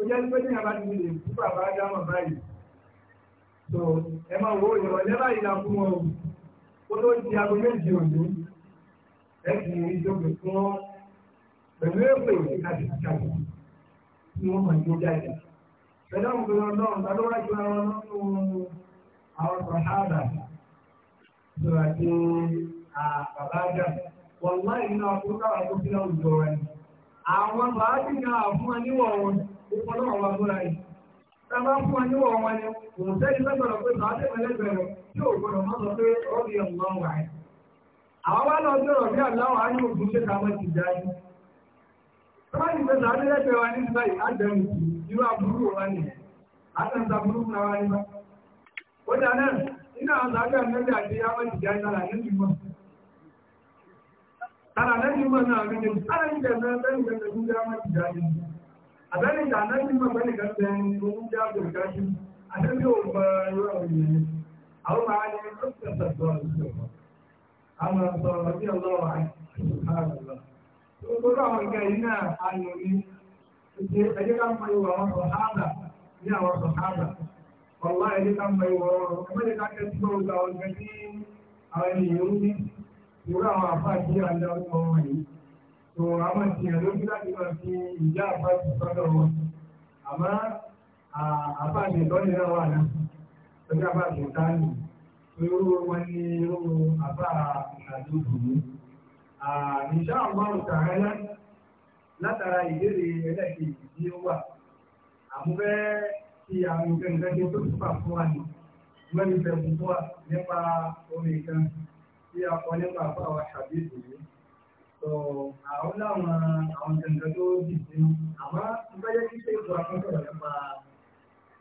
ó jẹ́ pé ní àbá ti lè fún bàbá dámọ̀ báyìí so ẹ máa wo ìrọ̀lẹ́ báyìí la fún wọn ó tó di aago méjì òní ẹ sì ń jókòó fún wọn pẹ̀lú èpè àti ìkàlù tí wọ́n mọ̀ ní jáde pẹ̀lú àwọn òkèèrè ọlọ́run tàbí wọ́n ti rán wọn nínú àwọn sọ̀hádà tó àti àbájá wọ́n láì nínú àkókò àwọn ìpọ̀ náà wà anyị. yìí. Tábà fún wa níwọ̀ wọn ni, kò sẹ́ni lọ́gbọ̀rọ̀ pé sàádé mẹ́lẹ́gbẹ̀rẹ̀ yóò gbọ́dọ̀ mọ́ sọ pé ó di ọ̀gbọ́n wà ẹ̀. Àwọn wá lọ sọ̀rọ̀ bí àláwọ̀ á ní òkú ṣe ta mọ́ ti dá yìí. anyị pé sàádé lẹ́gbẹ̀ẹ́ wa ní ìgbà yìí á irú wa ni. ní bá. Ó dà náà, àwọn àti yáwọ́ àbẹ́ni ìdáná ní mọ̀gbẹ́ni kan tẹ ohun jẹ́ àgbò àtẹ́bí ò mọ ni àwọn máa ní ó ti tẹ̀sẹ̀ tó àwọn ìṣòro àwọn sọ̀rọ̀ bí ọlọ́wọ́ àìsàn Gbogbo àwọn ìgbà yìí náà a nù ní ṣe ẹjẹ́ ká mọ ìwà àwọn sọ̀hábà ní àwọn sọ̀hábà. Ọ̀la ẹjẹ́ ká mọ ìwà ọ̀rọ̀ ẹgbẹ́ ká kẹ́ sí gbogbo àwọn ìgbà tí àwọn ènìyàn ń ní ìwúrọ̀ àwọn àfáà sí tó àwọn ìṣẹ̀lẹ̀ lójú láti máa fi ìyá àbá ti sọ́dọ̀ wọn àmọ́ àbá àti ìtọ́jú náà wà náà lójú àbá àti ìtánì tó irú wọn ní irú àbá àti ìdùnnú. Insha Allah ta'ala látara ìbéèrè ẹlẹ́kejì tí ó wà àmúfẹ́ ti àwọn ìgbẹ́nigbẹ́ni tó túbà fún wa ní mẹ́rin fẹ́ fún wa nípa orin kan tí a kọ nípa àbá wa tó àwọn làwọn àwọn kankan tó dì sí àmọ́ ìbájẹ́ kí ṣe ìfura fún sọ̀rọ̀ nípa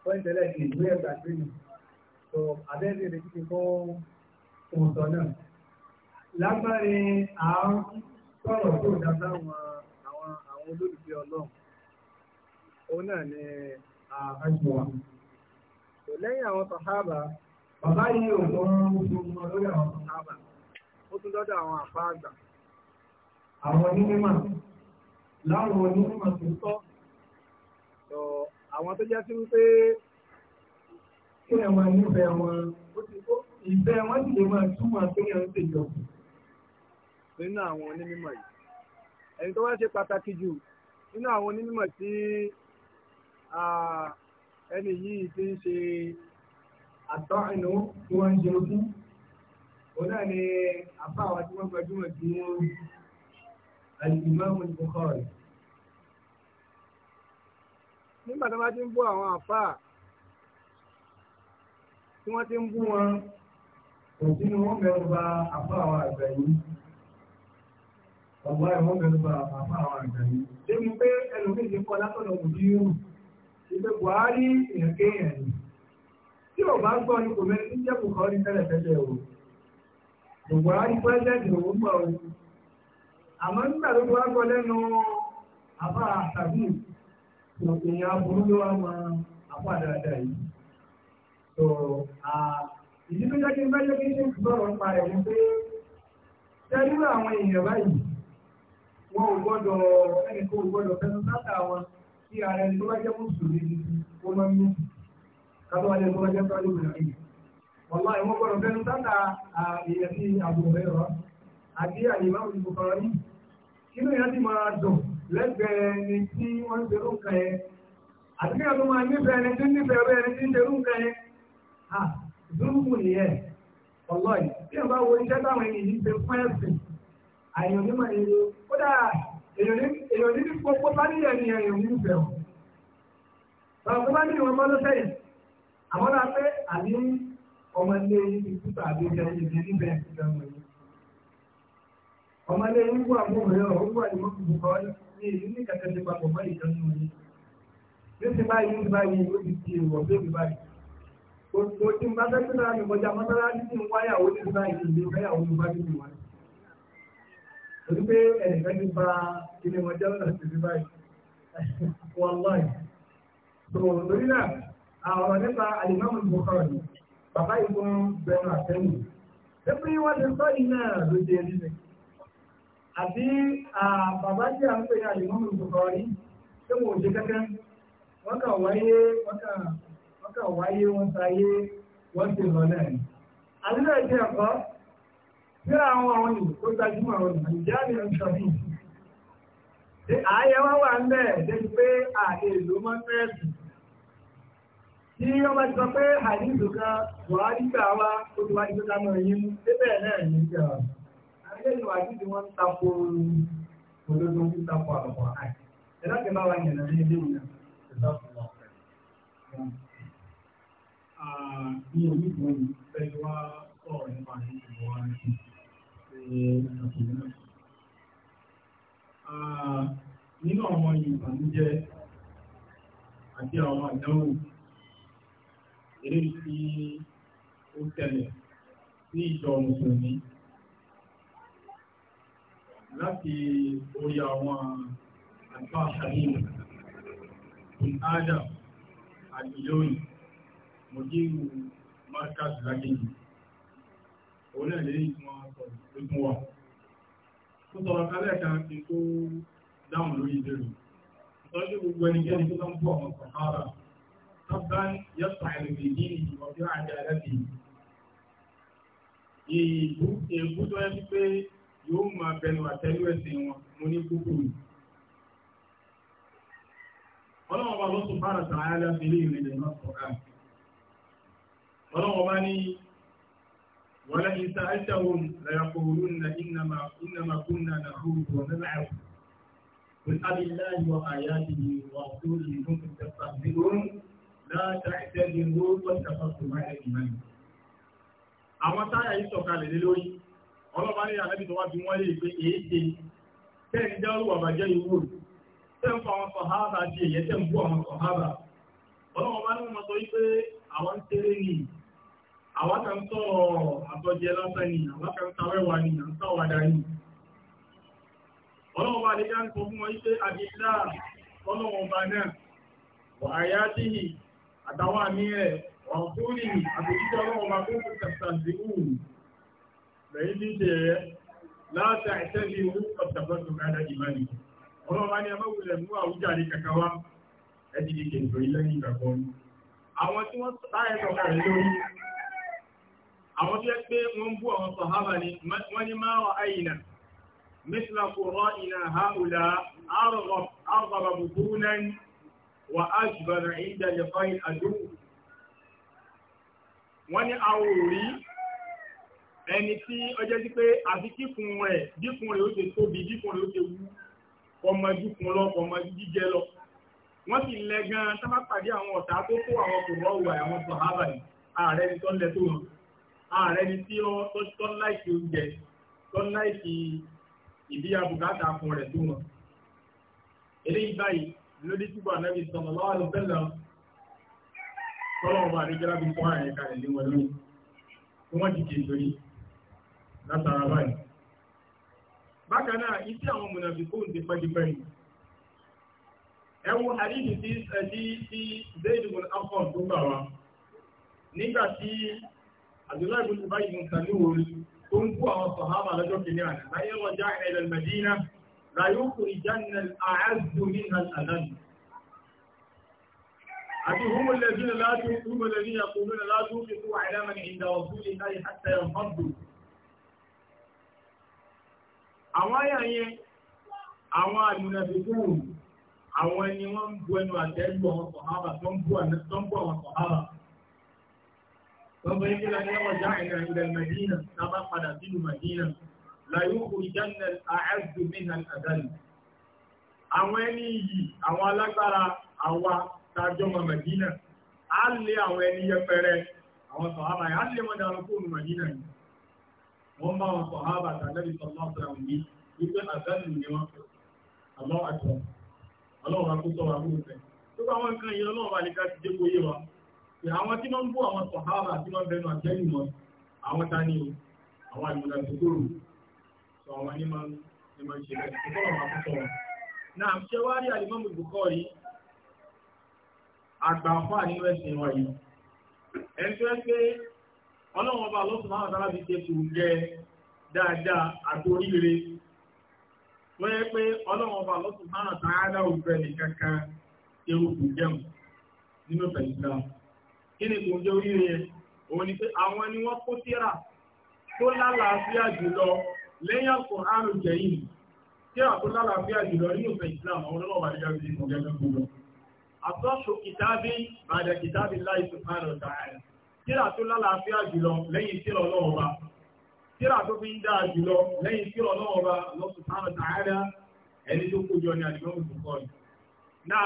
pọ́ńtẹ́lẹ̀ kì í gbé ẹ̀gbà sí mi tó àbẹ́rẹ́ rẹ̀ ti kọ́ òǹtọ̀ náà lágbárí àwọn sọ̀rọ̀ tó dá sáwọn àwọn àwọn olólùfẹ́ ọlọ́run òun náà ni àjùwà tó lẹ́yìn àwọn sàhábà bàbá yìí ò mọ́ lórí àwọn sàhábà ó tún dọ́dọ̀ àwọn àfáàgbà àwọn onímọ̀ láwọn onímọ̀ tó tọ́ lọ àwọn tó jẹ́ sí wípé kí ẹ máa nífẹ̀ẹ́ wọn ó ti kó ìfẹ́ wọn sì lè máa túmọ̀ pé ẹ ń ṣèjọ nínú àwọn onímọ̀ yìí ẹni tó wá ṣe pàtàkì jù nínú àwọn onímọ̀ tí ẹni yìí ti ń ṣe àtọ́ ìnáwó tí wọ́n ń ṣe ojú òun náà ni àbá àwọn tí wọ́n gbajúmọ̀ tí wọ́n ń Al-Imam Al-Bukhari. Nígbà tó bá ti ń bú àwọn àfáà, tí wọ́n ti ń bú wọn, kò sí ni wọ́n mẹ́rin bá àfáà àwọn àgbà yìí. Ọ̀gbọ́n ẹ̀ wọ́n mẹ́rin bá àfáà àwọn àgbà yìí. Ṣé mo pé ẹlòmíì ti kọ́ látọ̀dọ̀ kò sí yóò? Ìgbẹ́ Buhari èèyàn kéèyàn ni. Tí ò bá gbọ́ ni kò mẹ́rin tí jẹ́ Bukhari tẹ́lẹ̀ tẹ́lẹ̀ o. Buhari pẹ́sẹ̀ntì òun gbà o àmọ́ nígbà tó wá gbọ́ lẹ́nu àbá àtàbí èèyàn aburú ló wá máa àbá dáadáa yìí. tó ìdí tó jẹ́ kí n bá jẹ́ kí n ṣe sọ̀rọ̀ nípa rẹ̀ ni pé tẹ́lú àwọn èèyàn báyìí wọn ò gbọ́dọ̀ ẹnì kan ò gbọ́dọ̀ fẹ́nu sáta wọn kí ara ẹni tó bá jẹ́ mùsùlùmí ni ó máa ń mú kátó wájú tó bá jẹ́ sọ́ọ́lù mìíràn wọ́n ìwọ́n gbọ́dọ̀ fẹ́nu sáta èèyàn sí àbúrò àti àyè máa ń bùkọ̀rọ̀ yìí inú yẹn ti máa dùn lẹ́gbẹ̀ẹ́ ẹni tí wọ́n ń ṣerú nǹkan yẹn àti kí ẹ̀rọ máa nífẹ̀ẹ́ ẹni tí ń nífẹ̀ẹ́ ẹ̀rọ ẹni tí ń ṣerú nǹkan yẹn à dúrúkù nìyẹn ọ̀lọ́ yìí bí ẹ̀ bá wo iṣẹ́ táwọn ènìyàn yìí ṣe fún ẹ̀sìn àyàn ní máa yẹ kódà èèyàn ní gbogbo bá níyẹn ni èèyàn ní ìfẹ́ o bàbá bá níyẹn wọn mọ́ lọ́sẹ̀ yìí àwọn náà pé àní ọmọ ilé ìtúta àbí ìjẹun ìdí níbẹ̀ ìjẹun ọmọlé wíwú àmúhùrẹ́ ọ̀húnwà ìmọ̀kù bùkọ́ ní ìlú ní kẹtẹ́ ti papọ̀ mọ́ ìkan nù yìí ní ti báyìí ní báyìí ó ti di ìwọ̀ bí mi báyìí kò tí n bá fẹ́ sí lára mi kọjá mọ́sálásí tí ń wáyàwó ní ti báyìí ìlú káyàwó ló bá ní ìwà torí pé ẹnìkan ti ba ilé wọn jẹ́ lọ́nà sí ti báyìí wọn lọ́ọ̀ tòun lórí náà àwọn nípa àlìmọ́mù bùkọ́ bàbá ìfún bẹ̀rù àtẹ́wù ẹgbẹ́ wọn àbí bàbá tí a ń pè ní àlèmọ́mù ìgbòkọ̀ rí tí wọ́n ò ṣe kankan wọ́n kà wáyé wọ́n kà wáyé wọ́n sáyé wọ́n ti rọ̀ náà ni. àdúrà ìdí ẹ̀kọ́ tí àwọn àwọn yìí tó gbajúmọ̀ rọ̀ nù ìjà ni ó ń sọ bí. ṣé ààyè wá wà ń bẹ̀ débi pé ààyè ìlú máa ń fẹ́ẹ̀sì. tí wọ́n bá ti sọ pé àdìsù kan buhari gbà wá ó ti wá ìgbésà náà yín débẹ̀ náà ní ìjọba eléyìí wà jíjí wọn ń tako olódó ń tako àlọ́kọ̀ àì ẹ̀dá kẹ́ bá wà yẹn lọ ní ilé ìyá ẹ̀dá fún wa ọ̀fẹ́. Ní onígun yìí fẹ́ wá sọ̀rọ̀ nípa ìṣòro wa ní ìṣòro náà. Nínú àwọn ìbànújẹ́ àti àwọn àdánwò eléyìí tí ó tẹ̀lé sí ìjọ mùsùlùmí láti orí àwọn àgbà àṣàyìn bin adam àdìlóyìn mọ̀díwù marcus lagini orílẹ̀-èdè ìwọ̀n sọ̀rọ̀ lókún wà tó sọ̀rọ̀ kálẹ̀ kan ti tó dáhùn lórí ìbẹ̀rù ìtọ́jú gbogbo ẹnikẹ́ni tó tán bọ̀ àwọn sọ̀hárà tọ́gbán yẹ́sà ìrìnlẹ̀ yóò máa bẹnu àtẹ́lú ẹ̀sìn wọn mo ní kúkúrú ọlọ́wọ́ bá lọ́sùn fara tààyà láti ilé ìrìnlẹ̀ náà sọ̀rọ̀ àti ọlọ́wọ́ bá ní wọ́lá ìta àṣàwọn lẹ́yàkọ̀ọ́rún na ìnàmà na rúrù ọ̀nàláwò بالأبالله وآياته ورسوله كنتم تستهزئون لا تعتذروا واتفقوا مع الإيمان. àwọn táyà yìí sọ̀kalẹ̀ lé ọlọ́pàá ní àlẹ́bí tó wá bí wọ́n lè pé èéṣe tẹ́ẹ̀ni jẹ́ olúwà bàjẹ́ ìwò tẹ́ ń fa àwọn sọ̀hábà di èyẹ tẹ́ ń bú àwọn sọ̀hábà ọlọ́pàá ní wọ́n sọ wípé àwọn tẹ́rẹ́ ni àwọn kan ń sọ̀rọ̀ àtọ́jẹ lásán ni àwọn kan ń tawẹ́wà ni à ń tàwàdà ni ọlọ́pàá ní ká ń sọ fún wọn wípé àdìlá ọlọ́pàá náà wà á yá sí àtàwọn àmì rẹ̀ wà fún ní àbòjíjọ́ ọlọ́pàá tó ń rẹ̀yìn ní ṣe ẹ̀yẹ láti àìsẹ́lì owó ọ̀tàbọ̀tò káàdà ìmáni ọlọ́wà ní amáwùlẹ̀ mú àwújáde kàkà wá ẹ̀dì ní kèntò ilẹ́yìn ìgbàgbọ́ àwọn tí wọ́n táyẹ̀ sọ̀kà rẹ̀ lórí àwọn tí ni مثل قرائنا هؤلاء أرغب أرغب بطونا وأجبر عند لقاء العدو wọ́n ní àwòrí ẹni tí ọjọ́ sí pé àfi kíkun rẹ̀ díkun rẹ̀ ó ṣe tóbi díkun rẹ̀ ó ṣe wú kọmọjú kun lọ kọmọjú jíjẹ lọ wọ́n sì lẹ gan sábà pàdé àwọn ọ̀tá tó kó àwọn kò rọ̀ wà àwọn sọ̀hábà yìí ààrẹ ni tó ń lẹ tó wọn ààrẹ ni tí ó tó ń láìsí oúnjẹ tó ń láìsí ìdí abùkátà kun rẹ̀ tó wọn. eléyìí báyìí lórí túbọ̀ anábì sọ̀rọ̀ lọ́wọ́ ló fẹ́ lọ tọ́lọ́wọ́ àdéjọ́lá bí fún àyẹ̀ká ẹ̀ lé wọn lórí wọ́n dìde lórí látara báyìí bákan náà iṣẹ́ àwọn mùnàfikó ti pẹ́dipẹ́ yìí ẹ wo àdíjì tí ẹ̀dí tí zaydun afọ́n tó gbà wá nígbà tí abdullahi bin ubay bin sanuwol tó ń kó àwọn sọ̀hábà lọ́jọ́ kìíní àná láyé wọn já ilẹ̀ al-madina la yukhrijanna al-a'azzu minha al-adhall أبي هم الذين لا هم الذين يقولون لا توقفوا على من عند رسول الله حتى ينفضوا àwọn àyà yẹn àwọn àmúnàfikún àwọn ẹni wọ́n ń bu ẹnu àtẹ́lù àwọn sọ̀hábà tó ń bú àwọn sọ̀hábà wọ́n bẹ̀rẹ̀ kí lọ ní ọmọ jáìnà ilẹ̀ Madina tábà padà sínú Madina láyókù ìjánà àẹ́sù mìnà àdáni àwọn ẹni yìí àwọn alágbára àwa tàjọ mọ Madina á lé àwọn ẹni yẹpẹrẹ àwọn sọ̀hábà yẹn á lé wọn dànù kúrò Madina yìí wọ́n bá wọn sọ̀há bàtà lẹ́bi sọ̀tọ́ ọ̀sẹ̀rẹ̀ wọ̀nyí wípé àgbẹ̀lù ni wọ́n àlọ́ àjọ ọlọ́run akótó wa kúrò fẹ́. tó bá wọn kan yìí ọlọ́run bá ní ká ti dé kó yé wa. pé àwọn tí wọ́n ń bú àwọn sọ̀há bà tí wọ́n bẹnu àtẹ́lù wọn àwọn ta ni àwọn àjùmọ̀lá tó kúrò sọ àwọn ní máa ń ṣe bẹ́ẹ̀ tó bọ́lọ̀ máa kótó wọn. náà ṣé wá rí Al-Imam Bukhari àgbà fún àníwẹ̀sìn wa yìí ọlọ́run ọba lọ́sùn náà sára fi ṣe kùrù jẹ dáadáa àti oríire tó yẹ pé ọlọ́run ọba lọ́sùn náà sára òfin ẹnì kankan irú kùrù jẹun nínú pẹ̀lúgbà kí ni kùrù jẹ oríire yẹn òun ni pé àwọn ni wọ́n kó síra tó lálàáfíà jùlọ lẹ́yìn Al-Qur'anul Karim tí a tó lálàáfíà jùlọ nínú ìfẹ́ Islam àwọn ọlọ́wọ́ àdíjá sí ìfọ̀gẹ́gẹ́ gbogbo. àtọ́ṣù kìtàbí bàdà tíra tó lálàáfíà jùlọ lẹ́yìn tíra ọlọ́run tíra tó fi ń dáa jùlọ lẹ́yìn tíra ọlọ́run ọba lọ́sùn táwọn tààrà ẹni tó kójọ ní àdìgbọ́n òṣùkọ́ ni. náà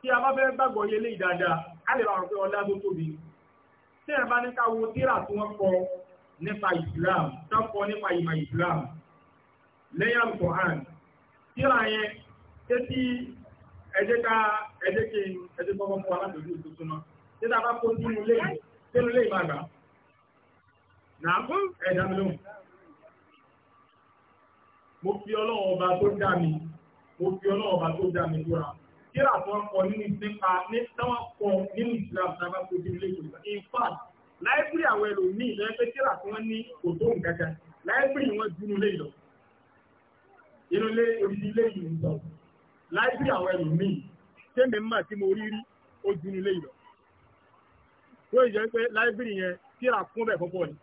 tí a bá fẹ́ gbàgbọ́ yé léyìí dáadáa lè pé ọlá tó tóbi tí ẹ bá ní ká wo tíra tí wọ́n kọ nípa tó kọ nípa ìmọ̀ lẹ́yìn tíra yẹn títà bá kó sínú lé sínú lé ìbàgbà náà fún ẹ̀dá mi lóhùn mo fi ọlọ́run ọba tó dá mi mo fi ọlọ́run ọba tó dá mi búra kíra tó ń kọ nínú nípa táwọn kọ nínú Islam tá a bá kó sínú lé ìbàgbà in fact láìpẹ́ àwọn ẹlòmíì lẹ́yìn pé kíra tó ń ní kò nǹkan kan láìpẹ́ ìwọ̀n dúró lé ìlọ inú ilé orí ilé yìí ń láìpẹ́ àwọn ẹlòmíì tẹ́mi mà tí mo rí rí ó dúró lé ìlọ yóò jẹ́ pé láìbírì yẹn kíra kún bẹ̀ púpọ̀ ni.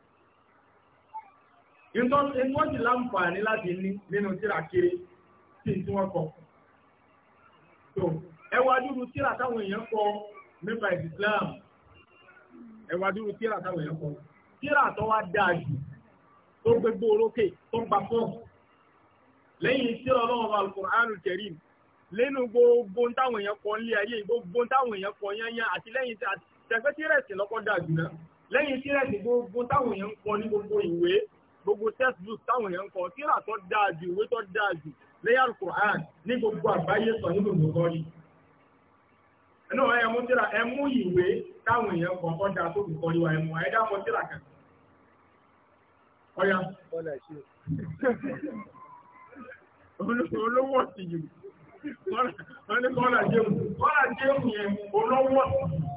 Ìwọ́n ti láǹfààní láti ní nínú tíra kiri tí tí wọ́n kọ. Ẹwà dúró tíra táwọn èèyàn kọ nípa Islam. Ẹwà dúró tíra táwọn èèyàn kọ. Tíra tó wá dáa jù tó gbégbó orókè tó gbà pọ̀. Lẹ́yìn tíra ọlọ́run Al-Qur'an Al-Karim lẹ́nu gbogbo táwọn èèyàn kọ nílé ayé gbogbo táwọn èèyàn kọ yányá àti lẹ́yìn tẹ̀fẹ́ tírẹ̀sì lọ́kọ́ dà jù náà lẹ́yìn tírẹ̀sì gbogbo táwọn èèyàn ń kọ ní gbogbo ìwé gbogbo textbook táwọn èèyàn ń kọ tírà tó dáa jù ìwé tó dáa jù lẹ́yìn Quran ní gbogbo àgbáyé sọ nínú gbogbo rí ẹnu ẹ mú tírà ẹ mú ìwé táwọn èèyàn kọ kọ́ da tó kọ́ rí wa ẹ mú ẹ dá mọ tírà kan ọ̀ya olówó ti yìí kọ́lá jẹun kọ́lá jẹun yẹn olówó ti yìí.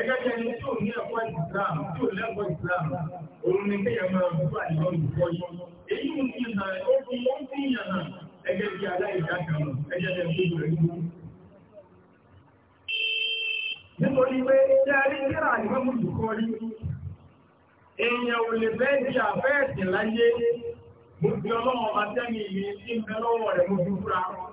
ẹgbẹ́ bí ẹni tí ò ní ẹ̀kọ́ Islam tí ò lẹ́kọ̀ọ́ Islam òun ni kéèyàn máa ń bú àìlọ́ ìfọ́ yìí èyí ń fi hàn ó fi ó ń fi hàn hàn ẹgbẹ́ bí aláìdá kan ẹgbẹ́ bí ẹni tó rẹ̀ yìí. nítorí pé ṣé a rí kíra àìmọ́ mú dùkọ́ rí èèyàn ò lè fẹ́ di àfẹ́ẹ̀sì láyé mo fi ọlọ́wọ́ bá tẹ́mi ìlú sí ń bẹ lọ́wọ́ rẹ̀ mo fi fúra wọn.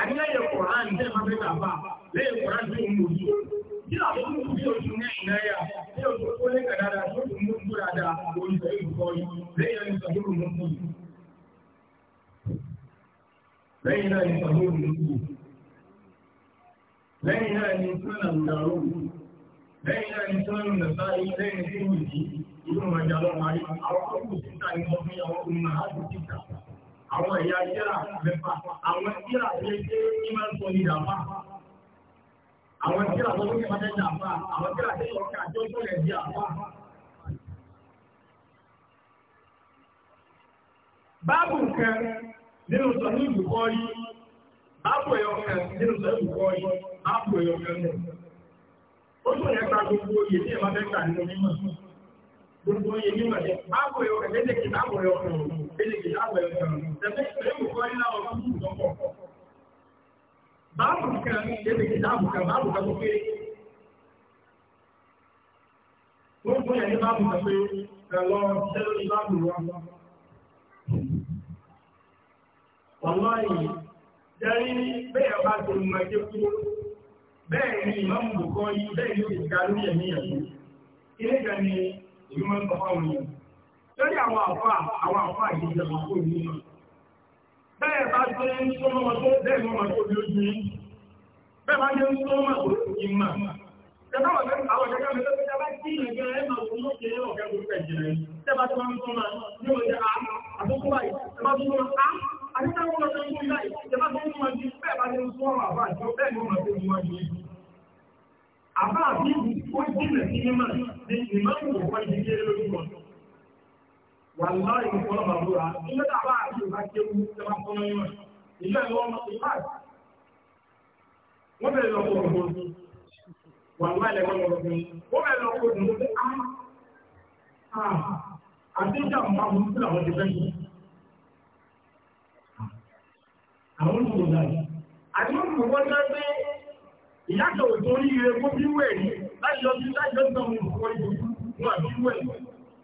àbí lẹ́yìn kòrán jẹ́ mọ́bíkà bá lẹ́yìn kòrán tí ó mú ojú tí àwọn olùkú bí oṣù ní ìnáyà tí oṣù tó lé kàdára tó tún mú ojú dáadáa olùsọ ìrùkọ́ yìí lẹ́yìn ẹni sọ̀rọ̀ mú kú lẹ́yìn náà ni sọ̀rọ̀ mú kú lẹ́yìn náà ni sọ́nà ìdàrú lẹ́yìn náà ni sọ́nà yìí ìlú lọ́wọ́ àwọn ọkùnrin àwọn ẹ̀yà ìṣẹ́ra mẹ́fà àwọn ìṣẹ́ra tó lè ṣe ní máa ń sọ ní ìjàmbá àwọn ìṣẹ́ra tó lókè máa ń jàmbá àwọn ìṣẹ́ra tó lọ ká tó tó rẹ̀ di àpá. báàbù kan nínú sọ ní ìbùkọ́ yìí báàbù ẹ̀yọ kan nínú sọ ìbùkọ́ yìí báàbù ẹ̀yọ kan nù. ó tún yẹ ká gbogbo oyè tí ẹ fẹ́ gbà nínú mímọ̀ gbogbo oyè mímọ̀ yẹ báàbù ẹ̀yọ kan eléyìí lábẹ́ ẹ̀fẹ̀ pẹ̀lú ìkọ́ nílá ọdún ìjọpọ̀. Báàbù kan eléyìí láàbù kan báàbù kan tó pé wọ́n fún ẹ̀yìn báàbù kan pé ẹ̀lọ́ ṣẹlẹ̀ ní báàbù wọn. Ọ̀nà yìí jẹ́rí bẹ́ẹ̀ bá ti mọ̀ ẹjẹ́ kú bẹ́ẹ̀ ni ìmọ̀mù bùkọ́ yìí bẹ́ẹ̀ ni ó ti ga lórí ẹ̀mí ẹ̀mí. Ilé ìgbà ni ìlú mọ́ lórí àwọn àfà àwọn àfà yìí jẹ́ ọkọ̀ Bẹ́ẹ̀ bá tó ń tó mọ́ tó bẹ́ẹ̀ mọ́ tó bí ojú yìí. Bẹ́ẹ̀ bá jẹ́ ń tó mọ́ tó yìí mà. Tẹ́lá wà pẹ́ àwọn ọ̀gá mi lọ́pẹ́ tẹ́lá kí ìrìnàjò ẹ̀ máa tó mọ́ kí yìí. Tẹ́lá tó máa ń tó máa ní oye wà láì ìfọ́lọ̀ bàbúrà nígbà tá a bá àti ìbá kéwú tẹ máa fọ́nà yọ̀ ìlú ẹ̀rọ ọmọ ìbá wọ́n bẹ̀rẹ̀ lọ kọ̀ ọ̀gbọ̀n wà láì lẹ́gbọ́n ọ̀gbọ̀n wọ́n bẹ̀rẹ̀ lọ kọ̀ ọ̀gbọ̀n àti ìjà mọ́ àwọn ìlú àwọn ti fẹ́ àwọn olùkọ́ dàbí àti olùkọ́ wọ́n dá pé ìyájọ́ òtò orí kó bí wẹ̀ láti lọ sí láti lọ sí àwọn olùkọ́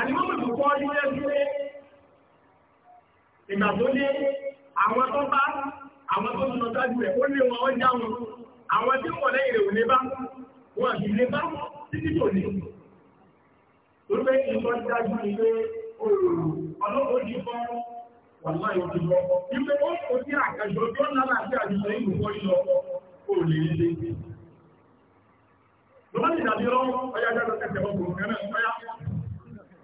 àníwọ́n mọ̀ tó kọ́ ní ẹgbẹ́ ìgbà tó lé àwọn tó bá àwọn tó lọ dájú rẹ̀ ó lé wọn ó já wọn àwọn tí wọ́n lẹ́yìn rẹ̀ ò lè bá wọn àti lè bá títí tó lè tó pé ìgbọ́ dájú ni pé oh, ọlọ́pàá ti fọ́ wàlá yóò ti lọ wípé ó kò sí àkàjọ tó ń lára àti àjùsọ ìlú kọ́ ìlọ ó lè lè lọ́wọ́ ìdàbí ọlọ́wọ́ ọyá jáde ẹsẹ̀ ọkùnrin náà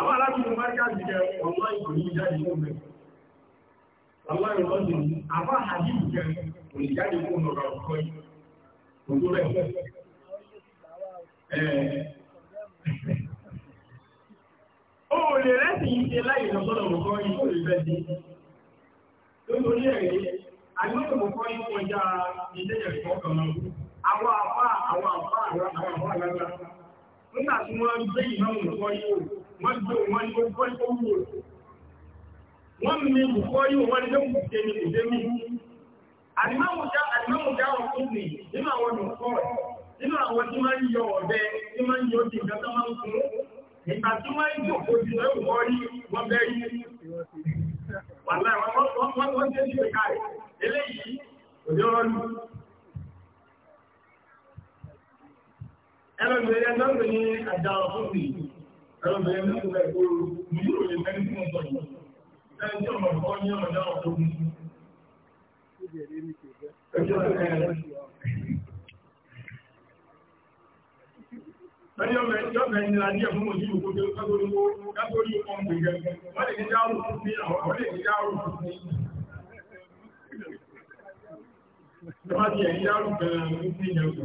àwọn alájùmọ̀ márìkà ti jẹ ọ̀nà ìkòní jáde fún mi àwọn ìrọ̀lọ́dì ní àbá àdìbò jẹ olùjáde fún ọ̀rọ̀ ọ̀kọ́ yìí gbogbo rẹ̀ ó lè rẹ́sì yìí ṣe láì lọ́sọ́dọ̀ ọ̀kọ́ yìí ó lè fẹ́ sí lórí ẹ̀rẹ́ agbẹ́sọ̀ ọ̀kọ́ yìí kọjá ilé ẹ̀kọ́ kan náà àwọn àfá àwọn àfá àwọn àfá àgbàgbà nígbà tí wọ́n gbé ìmáàmù lọ́wọ́ yìí wọ́n gbé wọn ní ọkọ̀ ìkọ̀ wúwo wọ́n mi lùkọ́ yìí wọ́n lé mú tèmi ìdémi àdìmáàmù já àdìmáàmù já wọn fún mi nínú àwọn olùkọ́ nínú àwọn tí máa ń yọ ọ̀bẹ tí máa ń yọ ti nǹkan tó máa ń kún ìgbà tí wọ́n ń jòkó ju ẹ̀wọ̀ rí wọ́n bẹ́ rí wàlá wọ́n wọ́n wọ́n wọ́n tẹ́lẹ̀ káàrí eléyìí òjò rọ́lù ẹlọ́gbẹ̀rẹ̀ ẹgbẹ̀rẹ̀ ní àjà ọ̀fúnfì ẹlọ́gbẹ̀rẹ̀ mẹ́kùnrin ẹgbẹ̀rẹ̀ ìlú rẹ̀ mẹ́rin fún ọ̀tọ̀ yìí ẹjọ́ ọmọ ọ̀pọ̀ ní ọmọ náà tó mú ẹjọ́ ọmọ ẹni adé fún mọ̀ sí òkúté kátórí ọmọ ìgbẹ̀gbẹ̀ wọ́n lè ní dáhùn fún mi àwọn lè ní dáhùn fún mi Ìjọba ti ẹ̀yí dáhùn bẹ̀rẹ̀ ní ìjọba.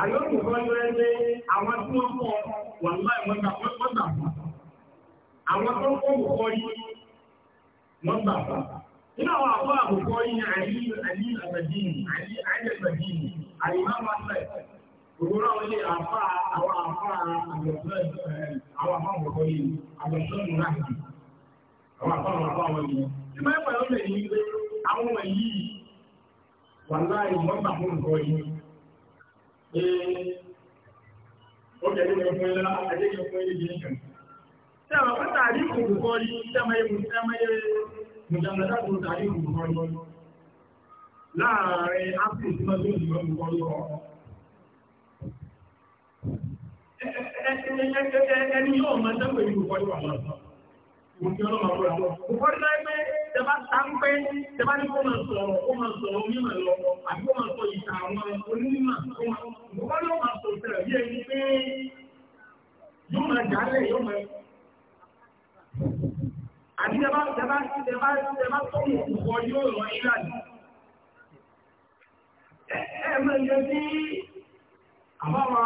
Àyọ́kù kọ́jú ẹgbẹ́ àwọn tí wọ́n fún wà láì wọ́n gbà wọ́n gbà Àwọn tó kọ́ òkọ́ yìí wọ́n gbà fà. Nínú àwọn àbùkọ́ yìí àyí àyí àbẹ̀dìní, àyí awa àbẹ̀dìní, àyí máa máa fẹ̀. awa àwọn ilé àfà àwọn àfà àbẹ̀fẹ́ àwọn àfà àbùkọ́ yìí àbẹ̀fẹ́ pé ó kẹ̀lú mi fún ilá àjẹ́kẹ̀ fún ilé jẹ́ ìṣẹ̀. Tí àwọn pẹ́ tààrí òkùnkọ́ yí tẹ́mẹ́yẹ mùsàmẹ́dàkùn tààrí òkùnkọ́ yọ láàárín ápùn tí wọ́n tó ìgbọ́ òkùnkọ́ yọ. Ẹni yóò máa tẹ́kọ̀ọ́ ìgbòkọ́ yọ àwọn ọ̀sán. Bùkọ́rí náà pé tẹbá sáńpé, tẹbá ní kó máa sọ̀rọ̀, kó máa sọ̀rọ̀ mímọ̀ lọ, àti kó máa sọ ìta àwọn onímọ̀. Bùkọ́rí ó máa sọ̀rọ̀ tẹ̀rẹ̀ bí ẹni pé yóò máa jálẹ̀ yóò máa. Àti tẹbá tẹbá tẹbá tẹbá tọ́mù ọ̀pọ̀ yóò rọ ìlànà. Ẹ mẹ́jọ sí àbáwa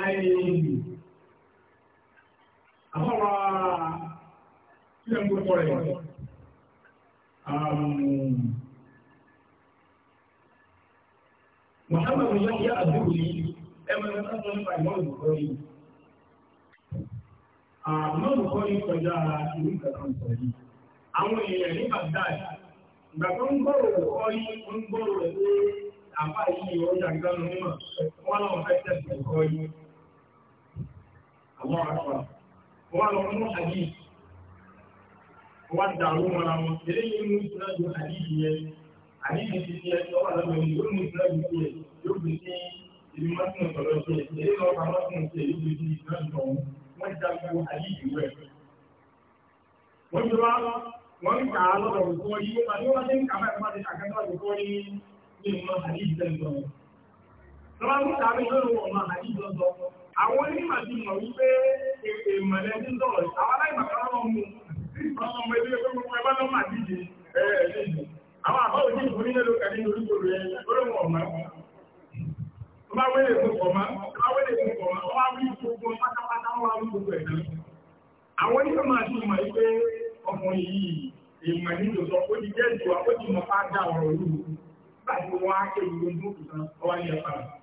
àìyèyè àfọwà tí ẹ ń gbé tọrẹ Muhammad yóò yá àdúgbò yìí ẹwọ́n ẹ̀rọ tó ń fa ìmọ̀ olùkọ́ yìí. Àmọ́ olùkọ́ yìí kọjá ìlú ìgbàkan sọ yìí. Àwọn èèyàn ní Baghdad, ìgbà tó ń gbọ́rọ̀ olùkọ́ yìí ń gbọ́rọ̀ wọ́n lọ mú àdí wọ́n dàrú wọn àwọn eléyìí mú ìtúnájú àdí yẹn àdí yẹn ti fi ẹjọ́ wà lọ́wọ́ yìí mú ìtúnájú sí ẹ yóò fi sí ibi mọ́tún ọ̀tọ̀lọ́ sí ẹ èyí lọ́ọ́ pa mọ́tún sí ẹ yóò fi sí ìtúnájú ọ̀hún wọ́n ti dàgbò àdí yìí wẹ̀. wọ́n ti wá wọ́n ń kà lọ́dọ̀ òkú yí wọ́n ti wọ́n ti ń kà bá ìpàdé àkẹ́kọ̀ọ́ òkú yí ní àwọn onímọ̀ ti mọ̀ wípé èdè ìmọ̀lẹ́ ní dọ̀rọ̀ àwọn aláìmọ̀ká lọ́wọ́ mu ọmọ ọmọ ilé ẹgbẹ́ gbogbo ẹgbẹ́ lọ́mọ àdíje ẹ̀ẹ́dẹ́gbẹ̀ àwọn àbá òjì ìfúnni nílò kàdé ní rẹ̀ olóhùn ọ̀mọ́ ọmọ ọmọ ọmọ ọmọ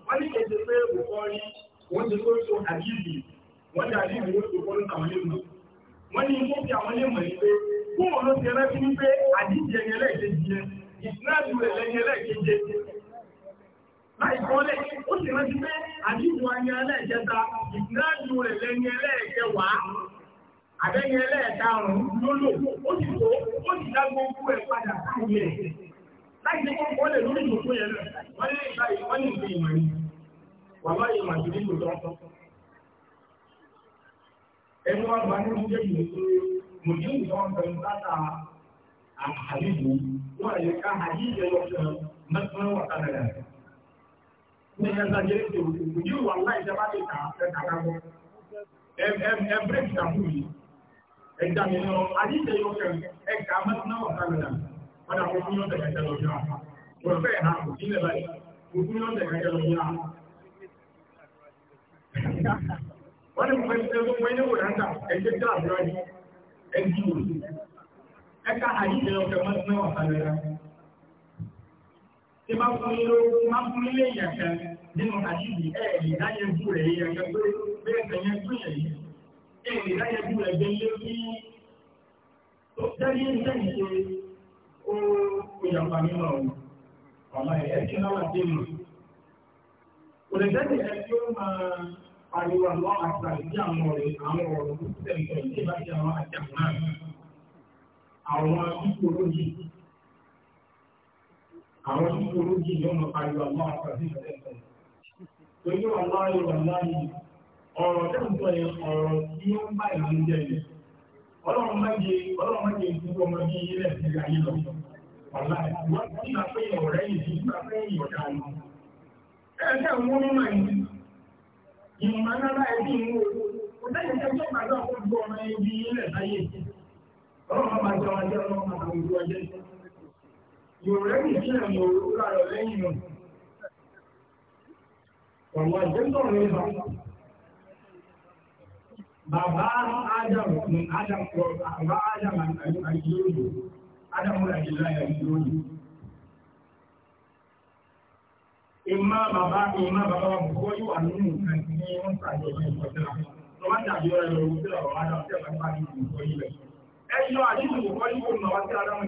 wọ́n ní kéde pé òkọ́ rí wọ́n ti tó so àdìsí wọ́n ti àdìsí wọ́n ti kọ́ lóta wọn lè mọ̀ wọ́n ní kó fi àwọn lè mọ̀ ní pé fún wọn ló ti rántí ní pé àdìsí ẹni ẹlẹ́ẹ̀kejì yẹn ìsinájú rẹ̀ lẹ́ni ẹlẹ́ẹ̀kejì láì kọ́lẹ̀ ó sì rántí pé àdìsí wa ni ẹlẹ́ẹ̀kẹta ìsinájú rẹ̀ lẹ́ni ẹlẹ́ẹ̀kẹwàá àbẹ́ni ẹlẹ́ẹ̀karùn-ún ló lò ó sì tó ó sì dá gbogbo ẹ̀ padà láì yẹ láì ní kó kọ́lẹ̀ lórí ìdòkó náà wọ́n ní ìgbà ìwọ́n ní yìí wàhálà yìí màá jùlọ ìlú lọ́tọ́. ẹni wọn bá nínú jẹ́ ìlú pé mo jẹ́ ìlú wọn pẹ̀lú dáta àhàlìbù wọn lè ká àyè ìjẹ́ lọ́sẹ̀ mẹ́tọ́ wà kálẹ̀ rẹ̀. ní ẹ̀ka jẹ́ ètò ìlú wàhálà ìjọba lè kà ẹ̀ kàkà bọ́. ẹ ẹ bírèkì tàbí yìí ẹ̀dá mi lọ àyè ìjẹ́ lọ́sẹ̀ ẹ̀ka mẹ́tọ́ wà kálẹ̀ rẹ̀. wọ́n dà wani mọ̀fẹ́sẹ̀rún wọ́n ní a ẹgbẹ́ tí àbúrọ̀ ní ẹgbẹ́ òòrùn ẹka àyíkẹ́ ọkẹ̀ wọ́n ní ọ̀sánlẹ́ra tí máa fún ilé máa fún ilé ìyàkẹ́ nínú àyíkì ẹ̀ẹ̀lì dáyẹjú rẹ̀ ìyàkẹ́ pé bẹ́ẹ̀ tẹ̀yẹ tún yẹ̀ yìí ẹ̀ẹ̀lì dáyẹjú kò lè jẹ́ ìyẹn tí ó máa pariwo àwọn àṣà ìdí àwọn ọ̀rẹ́ àwọn ọ̀rọ̀ tó tẹ̀lé ìdí ìbájú àwọn àti àwọn àmì àwọn ìṣòro yìí àwọn ìṣòro yìí yóò máa pariwo àwọn àṣà ìdí ìbájú àwọn torí wà láàyè wà láàyè ọ̀rọ̀ tó ń sọ yẹn ọ̀rọ̀ tí ó ń bá jẹ ni ọmọ bí ilé ìlú ayé lọ wà láàyè wọ́n ti ń ọ̀rẹ́ yìí ti ń pè ni. ẹ̀ẹ́dẹ̀ wọ́n mọ̀ yìí ìmọ̀ náà ẹbí máa jẹ ọmọdé ọlọ́mọ máa Adam ìmá bàbá ìmá bàbá wa bùkọ́ yóò wà nínú nǹkan tí wọ́n pàdé ọ̀rọ̀ ìkọ̀jọ́ lọ má dàbí ọ̀rọ̀ ìlọ òwú sílẹ̀ ọ̀rọ̀ adá sí adáwọn tó wà ní ìjàkújà àdínú kò nà bàbá dáhùn àwọn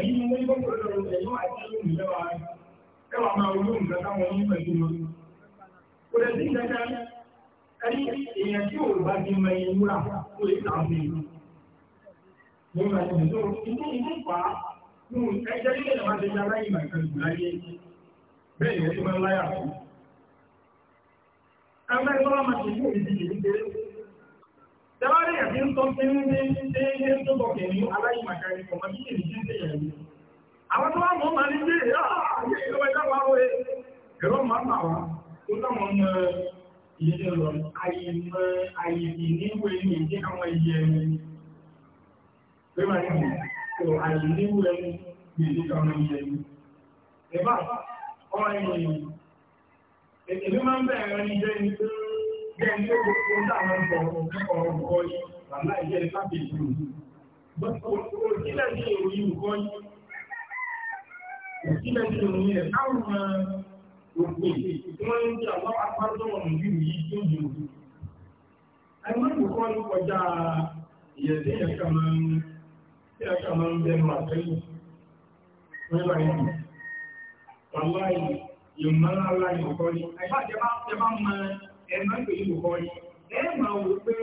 èyí ni wọ́n yíwọ́n kúrò lọ ẹ̀yọ́ àti ẹ̀yọ́ ìlẹ́wà ẹ̀wà máa olóhùn kẹta wọn ní pẹ̀lú lórí kò lè sí ìjẹta ẹni èèyàn tí ò bá di mọ iye wúrà tó lè ta ọmọ ìlú mo máa ti dùn tó inú inú pa mú ẹjẹ ilé ìjọba ti di aláyé ìmọ̀ ìkan jù láyé bẹ́ẹ̀ ni ó ti máa ń láyà fún. ẹgbẹ́ ìtọ́lá máa ti fún ìdíje nítorí Tẹ́wárí àti ń tọ́ ní ní aláìmàkà ní ọmọ bí kìí jí tẹ́yẹ̀ ní. máa bí tó táwọn ọmọ ìyẹn lọ àyèmọ àyèdì níwò ẹni ìdí àwọn ẹyẹ ẹni pẹ́wàá nìyẹn tó àyè níwò ẹni ìdí àwọn ẹyẹ ẹni ẹ̀bá ọmọ ènìyàn èdè máa ń bẹ̀rẹ̀ ẹni jẹ́ ní pé jẹ́ ní pé gbogbo táwọn ọmọ ọ̀rọ̀ ọ̀rọ̀ yìí bàbá ìjẹ́ ní kábíyèsí gbogbo òsílẹ̀ sí èrò yìí nǹkan yìí òsílẹ̀ sí èrò yìí òpè tí wọ́n ń jẹ́ àwọn apájọ́wọ̀n ìlú yìí tó yìí òdu. Àìmọ́ ìkọ́ ló kọjá ìyẹ̀dẹ́ ẹ̀ka máa ń tí ẹ̀ka máa ń bẹnu àtẹ́yìn. Wọ́n yóò láyé dùn. Bàbá yìí yóò máa ń lá ìkọ́ ni. Àìmọ́ àti ẹ̀bá ti bá mọ ẹ̀mọ́ ìpè yìí kọ́ ni. Ẹ máa wò pé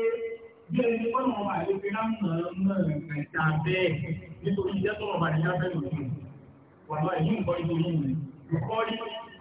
bí ẹni wọ́n mọ̀ wà ló fi rán mọ̀ mọ̀ ẹ̀ka bẹ́ẹ̀ nítorí ìjẹ́sọ̀rọ̀ bàdìyàn fẹ́ lòdì. Bàbá yìí ń kọ́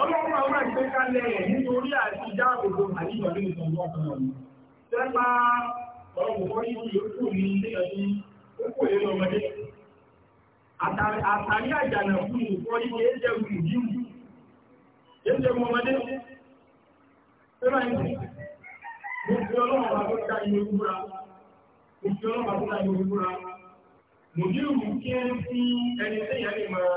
Ọlọ́run àwọn ìgbékalẹ̀ rẹ̀ nítorí àti ìdáàbòbò àdíjọ̀ ní ìtọ̀lọ́ ọ̀pọ̀lọ́. Tẹ́lá ọlọ́pọ̀ yìí yóò kú ní ilé ẹ̀sìn ó kò lé lọ́mọdé. Àtàrí àjànà fún ìfọ́ yìí yé jẹ́ wù jí wù. Tẹ́lá yìí, mo fi ọlọ́run àwọn tó dá wúra. Mo fi ọlọ́run àwọn tó dá wúra. Mo ní kí ẹ fi ẹni tẹ́yẹ̀ lè máa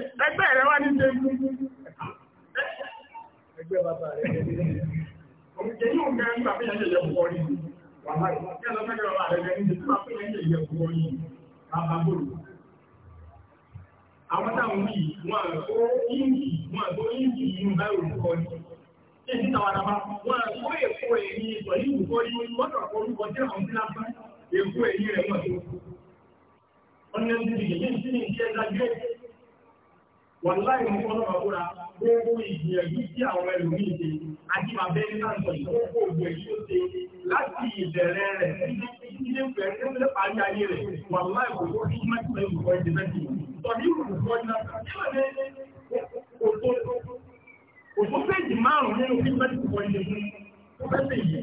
ẹgbẹ́ rẹ̀ wá ní ṣe mú. Ẹgbẹ́ bàbá rẹ̀ Òkè yóò gẹ́ nígbà bí ẹ̀ṣẹ̀ yẹ púpọ̀ rí. Wàhálà ìgbẹ́ lọ mẹ́jọ bàbá rẹ̀ gẹ́ nígbà bí ẹ̀ṣẹ̀ yẹ púpọ̀ rí. Bàbá bòrò. Àwọn táwọn wí wọn àgbó yíǹkì wọn àgbó yíǹkì yìí bá olùkọ́ ni. Ṣé ní tàwọn àdàbà wọn àgbó èkó ẹ̀yìn ìtọ̀ yìí olùkọ́ yìí wọ́n tọ̀ orúkọ jẹ́ àwọn tí lápá èkó ẹ̀yìn rẹ̀ wọ́n tó. Ọ̀nà ìdíje yìí sí ní ìṣẹ́ ìdájọ́ wọ́n láì mú ọlọ́run àbúra gbogbo ìgbìyànjú tí àwọn ẹlòmíì ṣe àti bàbá ẹni náà sọ ìgbókò ìgbìyànjú tó ṣe láti ìbẹ̀rẹ̀ rẹ̀ ilé ìfẹ́ ilé parí ayé rẹ̀ wọ́n láì kò tó kí mẹ́tì mẹ́tì kọ́ ẹ̀jẹ̀ mẹ́tì tọ́jú olùkọ́ iná òtún péjì márùn-ún nínú kí mẹ́tì kọ́ ẹ̀jẹ̀ mú ó fẹ́ fẹ́ yìí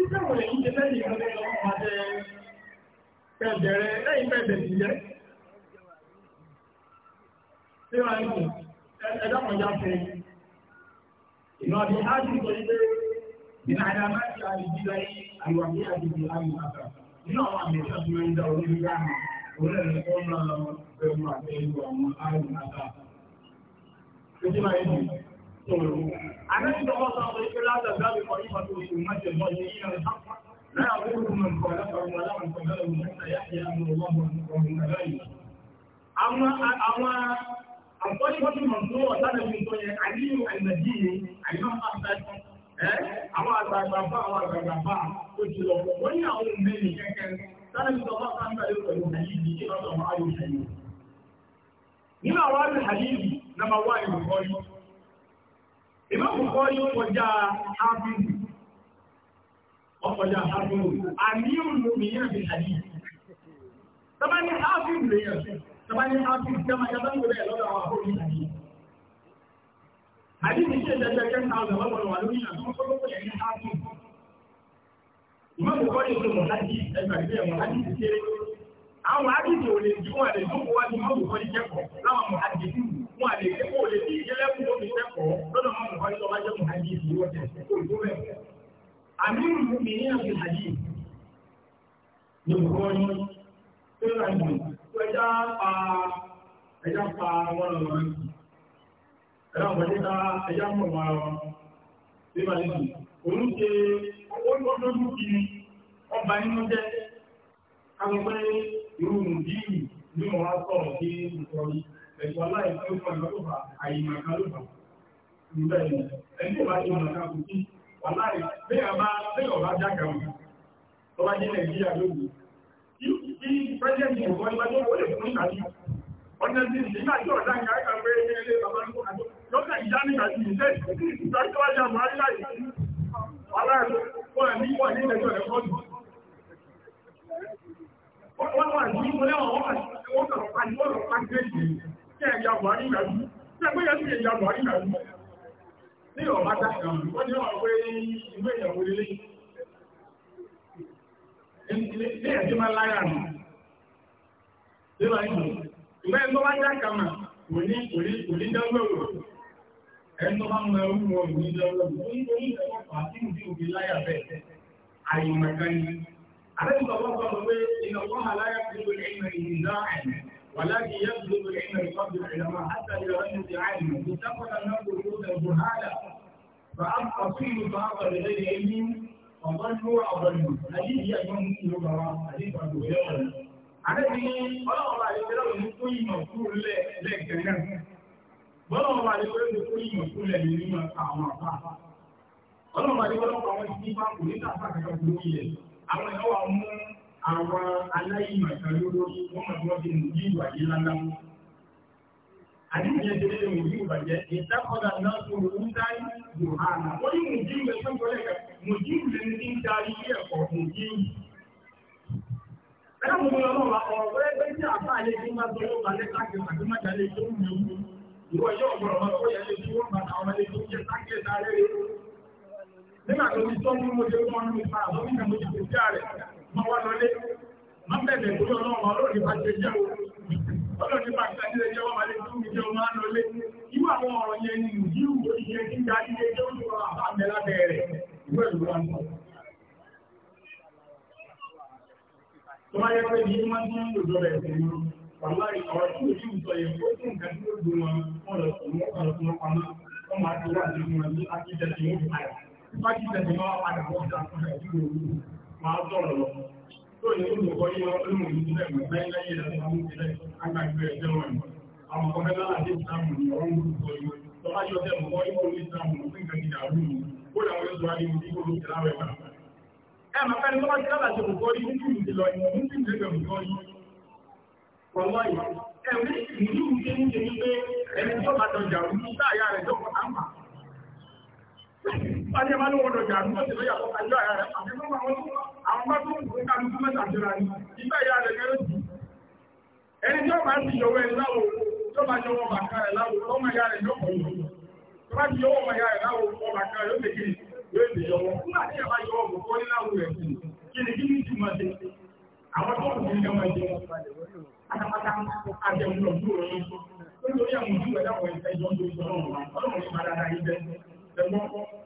iṣẹ́ wọ̀nyí ṣe lẹ́yìn ọ̀rẹ́ ọmọdé ẹ̀bẹ̀rẹ̀ lẹ́yìn bẹ̀rẹ̀ tí wọ́n ń sìn ẹ̀dọ́kùn já fẹ́. ìnà ọ̀dẹ̀ ájú sọ ní pé ìnà àdá máa ti àdìjí lọ yí àyíwá bí àdìjí láàyè àgbà nínú àwọn àmì ìṣẹ́ tí wọ́n ń dá orí rá mi orílẹ̀-èdè tó ń lọ ẹ̀rù àti ẹ̀rù àwọn àrùn àgbà. ó ti máa ń kí na àkọ́ṣọ́tì mọ̀tò ọ̀tàdàbí tó yẹ àdínú àìmọ̀dí yìí àìmọ̀ àfẹ́ ẹ́ àwọn àgbààgbà bá àwọn àgbààgbà bá ó ti lọ wọ́n ní àwọn òun mẹ́rin kẹ́kẹ́ sáré sọ bá sáńtà ló pẹ̀lú àyíjì kí lọ́dọ̀ àwọn ayò ṣẹ̀yìn nínú àwọn ayò àyíjì nàmà wá ìbùkọ́rí ìmọ̀ bùkọ́rí kọjá ábìrì ọkọjá ábìrì àníyàn lómi yẹn fi àyíjì tọ́bá ní ábìrì tabali àwọn Àdìsí ò lè ju wọn lè dúkọ̀ wá ní mọ́tò kọ́ ní kẹ́kọ̀ọ́ láwọn àdìsí wọn lè ké kó lè fi ìjẹ́lẹ́kùn tó fi kẹ́kọ̀ọ́ lọ́dọ̀ mọ́ mọ̀ kọ́ni lọ́wọ́ jẹ́mu àdìsí wọ́n tẹ̀ kó Àmì ẹja pa ẹja pa wọn lọ wọn ẹja wọn ẹja ẹja mọ wọn wọn bí wọn lè dùn òun ṣe olóòdòdó kí ọba nínú jẹ káwọn pé irú nìyí ní wọn wá sọ̀rọ̀ sí ìtọrí ẹ̀sùn aláìsí fún ẹgbẹ́ tó fà àyìnbàkà ló fà nígbà yìí ẹni tó bá ti wọn kà kò sí wàláì bẹ́ẹ̀ bá bẹ́ẹ̀ ọba jágà wọn tó bá nàìjíríà lóògùn bí pẹ́jẹ́ntì ní kòkàjọ́ lọ́kà wọ́n ní wọ́n wà ìwé ìyàwó lélẹ́yìn ilé ẹ̀jẹ̀ máa láyà nù. Lébà ìlú, ìgbà ẹ̀tọ́ bá já kàmà kò ní kò ní kò ní dánwòrò. Ẹ̀tọ́ bá mọ ẹrú wọn kò ní dánwòrò. Ó ń gbóyún ẹ̀kọ́ fà á sí ìdí òbí láyà bẹ́ẹ̀. Àyìnmọ̀kan ni. Àrẹ́sọ̀ bọ́ sọ pé iná wọ́n hà láyà tó ló lè mọ ìlú náà ẹ̀ ولكن يبلغ العلم يقبل العلماء حتى اذا لم يتعلم اتقن الناس وجود ọ̀gbọ́n tó ọ̀gbọ̀nù àyè ìyá yóò mú ìlú bàbá àti ìgbàgbọ́ ilé ọ̀rẹ́. Àdébí ọlọ́run bá àdébí lọ́wọ́ ní fún ìmọ̀ kúrò lẹ̀ lẹ́ẹ̀kẹ́ náà. Bọ́lọ́run bá àdébí lọ́wọ́ ní fún ìmọ̀ kúrò lẹ̀ nínú àwọn àpá. Ọlọ́run bá àdébí lọ́wọ́ àwọn ìdí bá kò ní tàbá kankan kúrò ilẹ̀. Àwọn ìyá wa mú àwọn aláìmọ̀ kan lóró wọ́n mọ̀ bí wọ́n ti mú ìwà yìí lálá àdíjẹ́ ìdílé mi yìí bàjẹ́ ìdákọ̀dà náà tó mú ń dárí yohana ó ní mú jíìmù ẹ̀sán gbọ́lẹ̀ kan mú jíìmù lè ní darí ilé ẹ̀kọ́ mú jíìmù. ẹ̀rọ mú lọ́wọ́ wa ọ̀rọ̀ wẹ́rẹ́ pé tí àbá alẹ́ tí máa tó ló balẹ̀ káàkiri àti májà lè tó mú ewu ìwọ yóò gbọ́dọ̀ máa tó yẹ lè tó wọ́n bá àwọn ẹlẹ́ tó jẹ́ sákẹ́ sáré rẹ̀. nígbà tó ti tọ́ mú mo ṣe fún ọdún ìfà àbọ̀ nígbà mo ti kò sí àrẹ̀ mọ́ wá lọlé má bẹ̀rẹ̀ tó lọ́wọ́ ọlọ́run ìbá ṣe jẹ́ o Ọlọ́run nípa ìtàjílẹ̀ jẹ́ wọ́n máa lè tún mi jẹ́ ọmọ àánú lé. Irú àwọn ọ̀rọ̀ yẹn ni ìlú oríṣẹ́ tí darí lé jẹ́ oṣù àbá mẹ́lá bẹ̀rẹ̀. Ìwé ìlú wa ń sọ. Tó bá yẹ pé ní wọ́n ti ń lòdọ̀ rẹ̀ sí wọn. Wàhálà ọ̀rọ̀ tí òjú sọ yẹn ó tún nǹkan tí ó dùn wọn. Wọ́n lọ sùn wọ́n kàn sùn wọn pamọ́. Wọ́n máa ti wà nínú wọn ní akíjẹ tí wọ́n fi padà. Bá tó ní olùkọ́ yíò olùmọ̀ ní ilẹ̀ ìgbẹ́ lẹ́yìn ẹ̀sìn àwọn ìpínlẹ̀ agbàgbé ẹ̀jẹ̀ wọn àwọn ọmọ ẹgbẹ́ láti ìsìlámù ní ọ̀rọ̀ ń tó yíò tó bá yọ tẹ́mù kọ́ yíò ní ìsìlámù fún ìgbẹ́ gíga rúù ó làwọn yóò tó wá ní ibi kó ló ti láwẹ̀ wà. ẹ mà fẹ́ni tó bá ti lábàtì olùkọ́ yíò ní ìlú ìlọ ìwọ̀n ní ìlú ìlú ìlú àwọn mọ́tò oníkàlùkù mẹ́ta jọra ní ìgbà ìyá rẹ̀ kẹ́rẹ́ sí ẹni tí ó bá ti yọwọ́ ẹni láwọ̀ tó bá yọwọ́ bàkà rẹ̀ láwọ̀ ọmọ ìyá rẹ̀ yọkọ̀ yọ tó bá ti yọwọ́ ọmọ ìyá rẹ̀ láwọ̀ ọmọ bàkà rẹ̀ ó lè kiri yóò lè yọwọ́ nígbà tí ìyá bá yọwọ́ bòkó ní láwọ̀ rẹ̀ sí kí ni kí ni ti mọ̀ sí àwọn tó kù ní ọmọ ìjẹ pátápátá àjẹmú lọ sí òun nítorí àwọn ojú ẹ̀dá wọn ìfẹ́ jọ ń lo ìṣọ́nà ọ̀rọ̀ ọlọ́run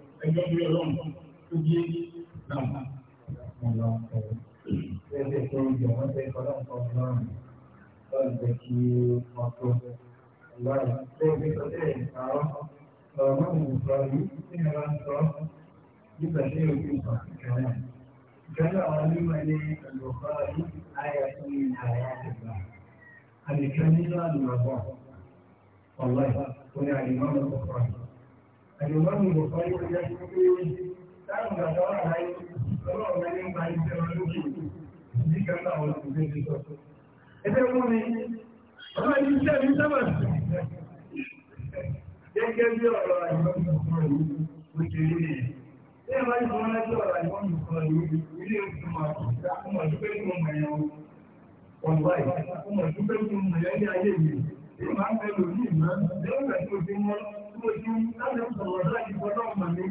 ẹjọ́ bí ọlọ́run tó yé náà. Ẹgbẹ́ tó ń jọ wọ́n fẹ́ kọ́lá ń kọ́ ọlọ́run lọ́rùn jẹ́ kí wọ́n tó ọlọ́run. Ẹgbẹ́ tó tẹ̀ ìparọ́ ọ̀rọ̀ mọ́ ìwòsàn yìí tí ẹ bá ń sọ nígbà tí ó ti sọ ìkànnà. Ìkànnà àwọn onímọ̀ ní ọ̀lọ́kọ́ yìí ayà tó ní àyà àgbà. Àbíkan nínú àlùmọ̀ bọ̀ ọ̀lọ́ ìfà tó ní àlùmọ̀ ọ̀lọ́kọ́ yìí àlùmọ́nù bọ̀kọ́ ní ọjọ́ tó pé táwọn bàbá wà láyé ọlọ́run bá ní gba iṣẹ́ wọn lókè ní kẹta àwọn olùgbé ti sọ. ẹgbẹ́ mú mi ọlọ́run ní iṣẹ́ mi sábà sí. gẹ́gẹ́ bí ọ̀rọ̀ àìmọ́nù bọ̀kọ́ yìí ló ṣe rí nìyẹn. bí ẹ bá ní wọn lájọ ọ̀rọ̀ àìmọ́nù bọ̀kọ́ yìí ilé ìfúnmọ̀ ọmọ ìdúpẹ́ ìfúnmọ̀ ẹ̀yàn ọ̀gbà ìfúnmọ̀ ìdúpẹ́ ìfúnmọ̀ ẹ̀yàn ní ayé yìí. ìmọ̀ mo ti láti sọ̀rọ̀ láti gbọ́dọ̀ mà mí.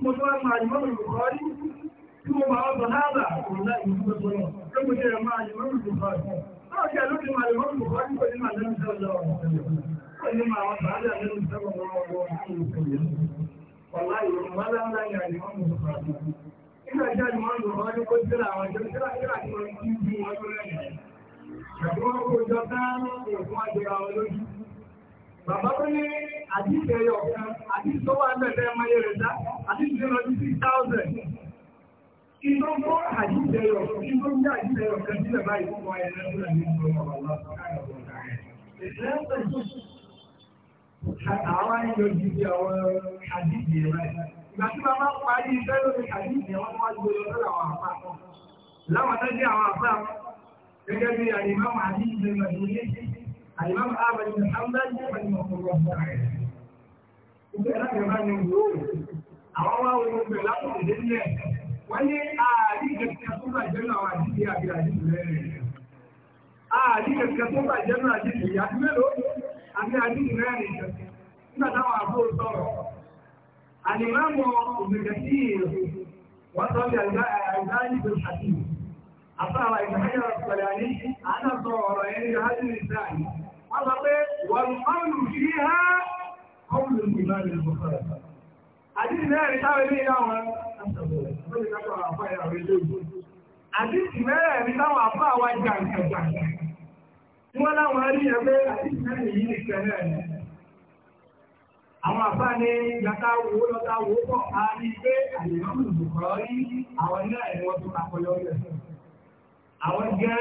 Mo tó wá máa ìmọ̀ mi kọ́ rí tí mo máa sọ náàbà òun láì ní tó tó lọ. Ṣé mo jẹ́ máa ìmọ̀ mi kò kọ́ rí? Náà kí àló ti máa ìmọ̀ mi kò kọ́ rí kò ní máa lẹ́nu sẹ́wọ̀n lọ́wọ́. Kò ní máa wọn sàádà lẹ́nu sẹ́wọ̀n lọ́wọ́ Ọ̀la ìròyìn wá láńlá Bàbá tó ní àdíṣe ẹyọ kan, àdíṣe tó wà bẹ̀rẹ̀ ẹmọ ayé rẹ̀ dá, àdíṣe tó lọ sí 6,000. Kí tó mọ́ àdíṣe ẹyọ, kí tó ń dá àdíṣe ẹyọ kan sílẹ̀ báyìí fún ọmọ ẹ̀rẹ́ tó lẹ̀ ní ìgbọ̀nà ọ̀la. Àwọn ayọ̀jú bí àwọn àdíṣe ẹ̀rọ ìgbà tí bàbá parí iṣẹ́ lórí àdíṣe wọn wá gbọ́dọ̀ lọ́dọ̀ àwọn àpá. Láwọn tó jẹ́ àwọn àpá gẹ́gẹ́ bí àyè Àìmọ́mù Ahmed Muhammad Fẹ́lìmọ̀kúnrọ̀ Wọ́n ní ààrí ìjẹ̀kẹ́ tó bàjẹ́ náà wà ní àbí àdìsì lẹ́rìn. Ààrí ìjẹ̀kẹ́ tó bàjẹ́ náà àdìsì ìyá tí mẹ́lòó àbí àdìsì lẹ́rìn ìjẹ̀kẹ́. Nígbà táwọn àbúrò sọ̀rọ̀. Àlìmámọ̀ òmìnira sí ìrìn wọ́n sọ bí àìdáyé tó ṣàtìmọ̀. Àbára ìgbàlẹ́ ọ̀rọ̀ pẹ̀lú àní, àádọ́ ọ̀rọ̀ ẹni àwọn pé wọ́n mọ́rùn sí ha kọ́wùlù ìgbàlẹ̀ ìgbòkọ̀rọ̀ àdíjì mẹ́rẹ̀ táwọn ilé àwọn àdíjì mẹ́rẹ̀ táwọn àpá àwọn jàǹkà tí wọ́n láwọn rí ẹgbẹ́ àdíjì mẹ́rẹ̀ yìí nìkan náà àwọn àpá ní yàtá wo lọ́ta wo pọ̀ á ní pé àdìmọ́mù ìgbòkọ̀rọ̀ rí àwọn ilé ẹ̀wọ̀n tó kàkọyọ́ rẹ̀ àwọn gan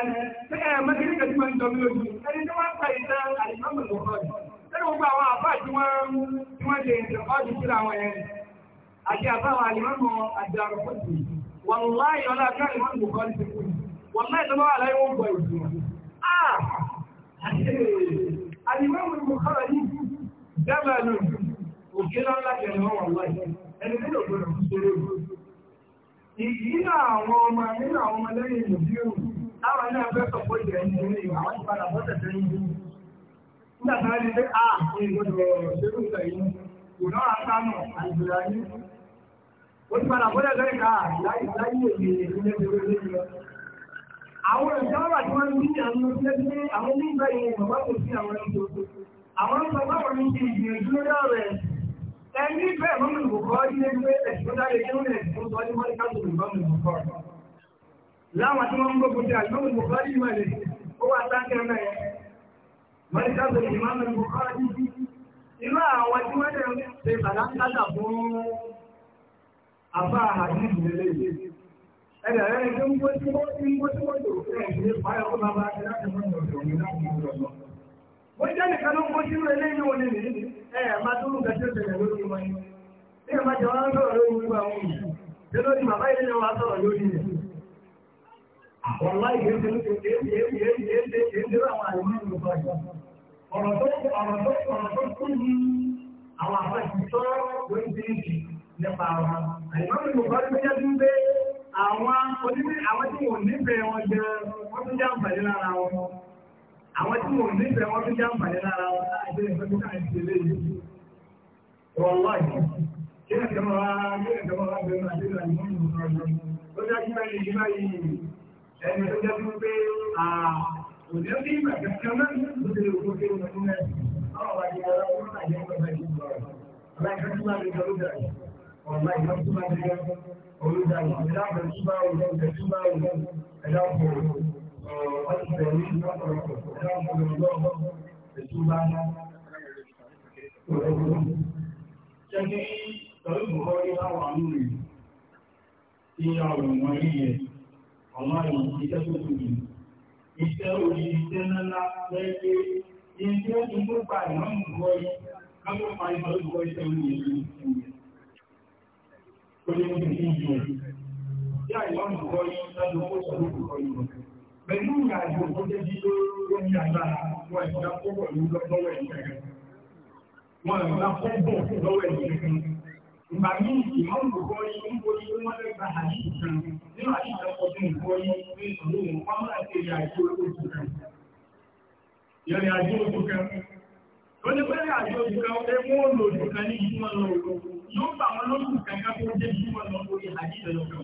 ṣé ẹ mẹ́kìrì kan tí wọ́n ń jọ mí lójú ẹni tí wọ́n ń pa ìta àìsàmù lọ́kọ̀ọ́dù ṣé gbogbo àwọn àbá tí wọ́n tí wọ́n ṣe ìṣèkọ́jú sí àwọn ẹ̀ àti àbáwọn àlìmọ́mọ́ àjàrò pọ̀jù wọ́n láì ọlá àti àlìmọ́mọ́ lọ́kọ̀ọ́dù ti kú wọ́n ah! láì ìdínà àwọn ọmọ nínú àwọn ọmọ lẹ́yìn láwọn ilé ẹgbẹ́ sọ̀pọ̀ ìjẹ́ àwọn ìpadà bọ́sẹ̀ tí wọ́n ti àwọn àwọn onígbà kò sí àwọn tó àwọn ìgbìyànjú lórí ọ̀rẹ́ ẹni bẹ́ẹ̀ mọ́mí ìbùkọ́ ilé gbé ẹ̀sùn dáre kí wọ́n ẹ̀sùn sọ ní mọ́lí káàtó ìbọ́mí ìbùkọ́ láwọn tí wọ́n ń gbógun tí àjọ́mí ìbùkọ́ yìí máa lè ó wà sáńkẹ́ náà yẹn mọ́lí káàtó ìbọ́mí ìbùkọ́ yìí inú àwọn tí wọ́n tẹ̀ ń ṣe bàlákàtà fún àbá àdìsí lélẹ̀ ẹ̀dẹ̀ rẹ̀ ń gbó tí wọ́n ti ń gbó tí wọ́n tó fẹ́ẹ̀ ó jẹ́ nìkan ló ń kó wọn lè ní ẹ̀ máa dúró gẹ̀ẹ́sì ọ̀sẹ̀ lórí wọn ní ẹ̀ jẹ́ wọn sọ̀rọ̀ lórí gbogbo àwọn òṣìṣẹ́ tí lórí bàbá ilé wọn sọ̀rọ̀ lórí rẹ̀ àwọn láì yé ṣe ṣe àwọn àìmọ́ àwọn àwọn àwọn tí mo nífẹ̀ẹ́ wọn tó jẹ́ àǹfààní lára wọn láti ṣe ìfẹ́ tó káà ṣe léyìí wọ́láì kí ẹ̀ tẹ́mọ̀ wá kí ẹ̀ tẹ́mọ̀ wá bẹ̀rẹ̀ àti ìlànà ìmọ̀ ìmọ̀ ọ̀rọ̀ tó jẹ́ kí báyìí kí báyìí ẹni jẹ́ tó pé jẹ́ bí ìgbà kankan náà tó ṣe òkú kí wọ́n ti mẹ́ ọ̀rọ̀ wà ní ọ̀rọ̀ wọn náà jẹ́ ọ̀rọ̀ báyìí ọ̀rọ̀ láì kan tó bá lè jọ lójà yìí ọ̀rọ̀ láì kan tó bá lè jọ lójà yìí ẹ̀dá wọ́n ti bẹ̀rù ní ọ̀pọ̀lọpọ̀ láwọn olùdókòwò ètò bá ń lọ́wọ́. Jẹ́bi pẹ̀lú ìbùkọ́rí láwọn àánú rẹ̀ tí àwọn ìwọ̀n rí yẹ, àwọn ìwọ̀n iṣẹ́ tó tóbi. Iṣẹ́ orí iṣẹ́ ńlá lẹ́gbẹ́ iṣẹ́ ó ti lọ́dún ó sọ ní ìbùkọ́rí pẹ̀lú ìrìnàjò tó jẹ́ sí ló ní agbára wọn ìgbà pọ́pọ̀ lọ́wọ́ ẹ̀ṣẹ̀rẹ̀ wọn ìgbà pọ́pọ̀ lọ́wọ́ ẹ̀ṣẹ̀rẹ̀ ìgbà ní ìmọ̀ olùkọ́ yìí ń borí pé wọ́n lẹ́gbà àṣìṣe kan nínú àṣìṣe ọkọ̀ tó ń kọ́ yìí ní ìṣòro wọn wọn máa ṣe ìrìn àjò oṣù kan ìrìn àjò oṣù kan ó ní pẹ́lú àjò oṣù kan pé wọ́n lò oṣù kan ní ìdíwọ̀n lọ yóò gbà wọn lóṣù kankan tó jẹ́ ìdíwọ̀n lọ orí àdíjọ lọ́kàn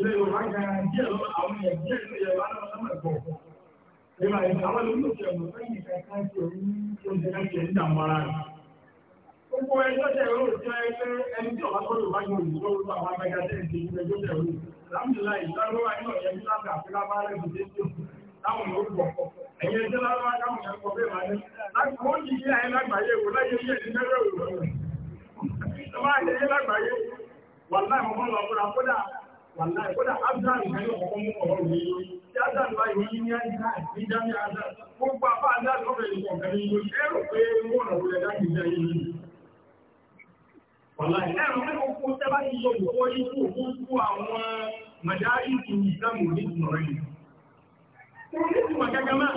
ilé Yorùbá ga díẹ̀ lọ wàláì kódà abdul nǹkan yóò kọ́kọ́ mú ọ̀rọ̀ mi lórí tí abdul bá yìí ní àyíká ní jami abdul gbogbo apá abdul ọ̀fẹ́ ní kọ̀ọ̀kan ní lórí ẹ̀rọ pé wọ́n rọ̀ wọlé dájú ìjà yìí ni. wàláì ẹ̀rọ mẹ́rin kó sẹ́bà ti yọ òkú ikú òkú kú àwọn màdáyì ti ní ìsámù ní ìmọ̀ràn yìí. wọ́n ní ìtumọ̀ gẹ́gẹ́ máa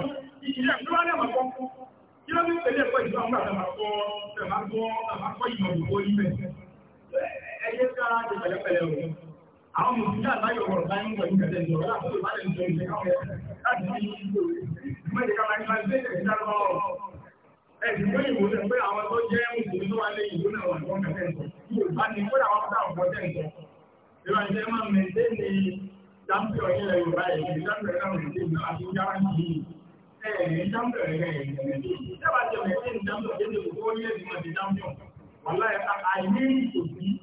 ìjìyà tó wá ní àmàkọ́ kú kí ló ní pẹ̀lú ẹ̀kọ́ ìjọ àwọn àtàmàkọ́ tẹ̀mákọ́ àmàkọ́ ìmọ̀ àwọn mùsùlùmí àbáyọ̀ ọ̀rọ̀ bá ń wọ̀ ní kẹ̀lẹ́ ìjọba láti ọ̀rọ̀ bá lè jọ ìjẹ́ káwọn ẹ̀ láti ní ìgbẹ́lẹ̀ kàmàkìláìsẹ̀ ìdárọ̀ ẹ̀sìn pé ìwò náà pé àwọn tó jẹ́ mùsùlùmí tó wà lé ìwò náà wà ní wọ́n kẹ̀lẹ́ ìjọ yóò bá ní kó làwọn fún àwọn ọ̀tẹ̀ ìjọ ìwà ìjẹ́ máa mẹ́tẹ́ ní dáńpẹ́ ọ̀yẹ́lẹ̀ Yorùbá ẹ̀ ní dáńpẹ́ náà mẹ́tẹ́ ní àti yára ní yìí ẹ̀ ní dáńpẹ́ rẹ̀ rẹ̀ ìjọba jẹ́ mẹ́tẹ́ ní dáńpẹ́ ọ̀yẹ́lẹ̀ Yorùbá ó ní ẹ̀sìn mọ̀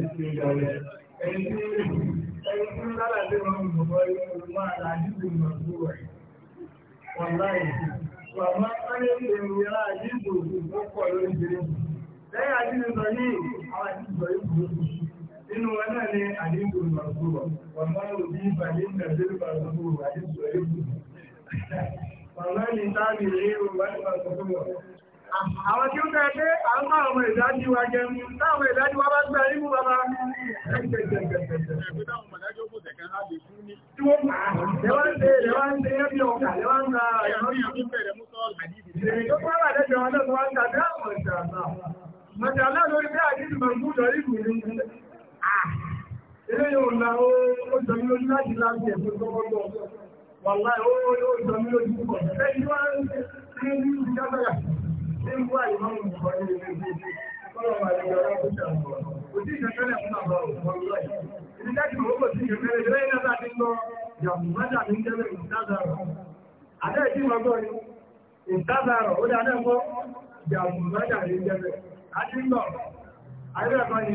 ìsìn ìdọ̀rẹ̀ ẹni tí ẹni tí ń lára lé wọn gbogbo ìlú máa ra àdìsí ìmọ̀tò rẹ̀ wọn láì sí. ń yẹra àdìsí òkú pọ̀ lórí ìdílé. Lẹ́yìn wọn náà ni àdìsí ìmọ̀tò Àwọn tí ó tẹ́ pé a ń máa ọmọ ìdájú wa jẹ mú, táwọn ìdájú wa bá gbẹ́ nínú bàbá. Lẹ́wọ́n ń ṣe, lẹ́wọ́n ń ṣe ẹbí ọkà, lẹ́wọ́n ń ra ẹ̀rọ ìrìnlẹ́bẹ̀rẹ̀ mú sọ́ọ̀lá. Ìrìn tó pàwà lẹ́jọ́ ọdọ́ tó wá ń tàbí àwọn ìṣàmà. Mọ̀tí aláàlórí bí àdíjì mọ̀ ń gún lọ ìgbù ní. Ilé yóò la ó jọ mí lójú láti láti ẹ̀fún tó kọ́kọ́. Wàlá Adé ìdí mọ́gbọ́n ni, ìtàbàrọ̀ ó dáadẹ́ mọ́ ìjàmùmọ́jà ní jẹ́bẹ̀. A ti ń lọ, ayé ẹ̀kọ́ ni,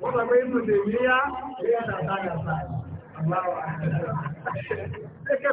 wọ́n sọ pé ìpòdè ní yá, èyí ẹ̀dà sáàdà Àgbáwà. Ẹkẹ́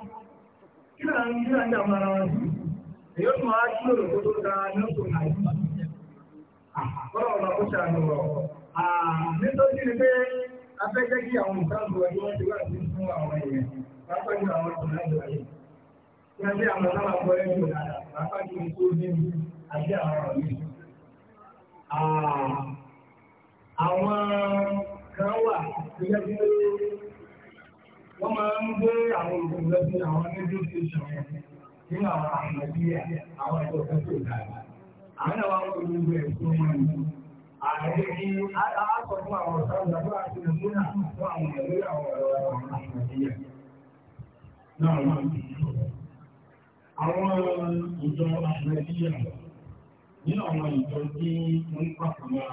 kí náà ń yí àjà mara wọn sí èyí ó máa kí lòrò tó tó da lọ́sọ̀ náà yìí àkọ́rọ̀ ọ̀la kó ṣe àná rọ̀ nítorí ni pé afẹ́jẹ́ kí àwọn ìsáàbù ẹgbẹ́ wọn ti wá sí fún àwọn èèyàn pàápàá jù àwọn ọ̀sán láti wáyé kí wọ́n dé àwọn náà gbọ́ ẹgbẹ́ wọn pàápàá jù tó ní àti àwọn ọ̀rọ̀ yìí. àwọn kan wà tó yẹ kí ó àwọn olùgbẹ́bí àwọn méjèèjì ṣọ̀rọ̀ ní àwọn àmọ̀bíyà àwọn ẹ̀kọ́ tó dára. Àwọn àwọn olùgbẹ́ ẹ̀kọ́ wọn ni ààrẹ ní aláàkọ̀ fún àwọn ọ̀sáwùdà tó àti ìmúnà fún àwọn ẹ̀rí àwọn ọ̀rọ̀ àwọn àmọ̀bíyà. Àwọn ìjọ àmọ̀bíyà nínú àwọn ìjọ tí wọ́n pàpàmọ́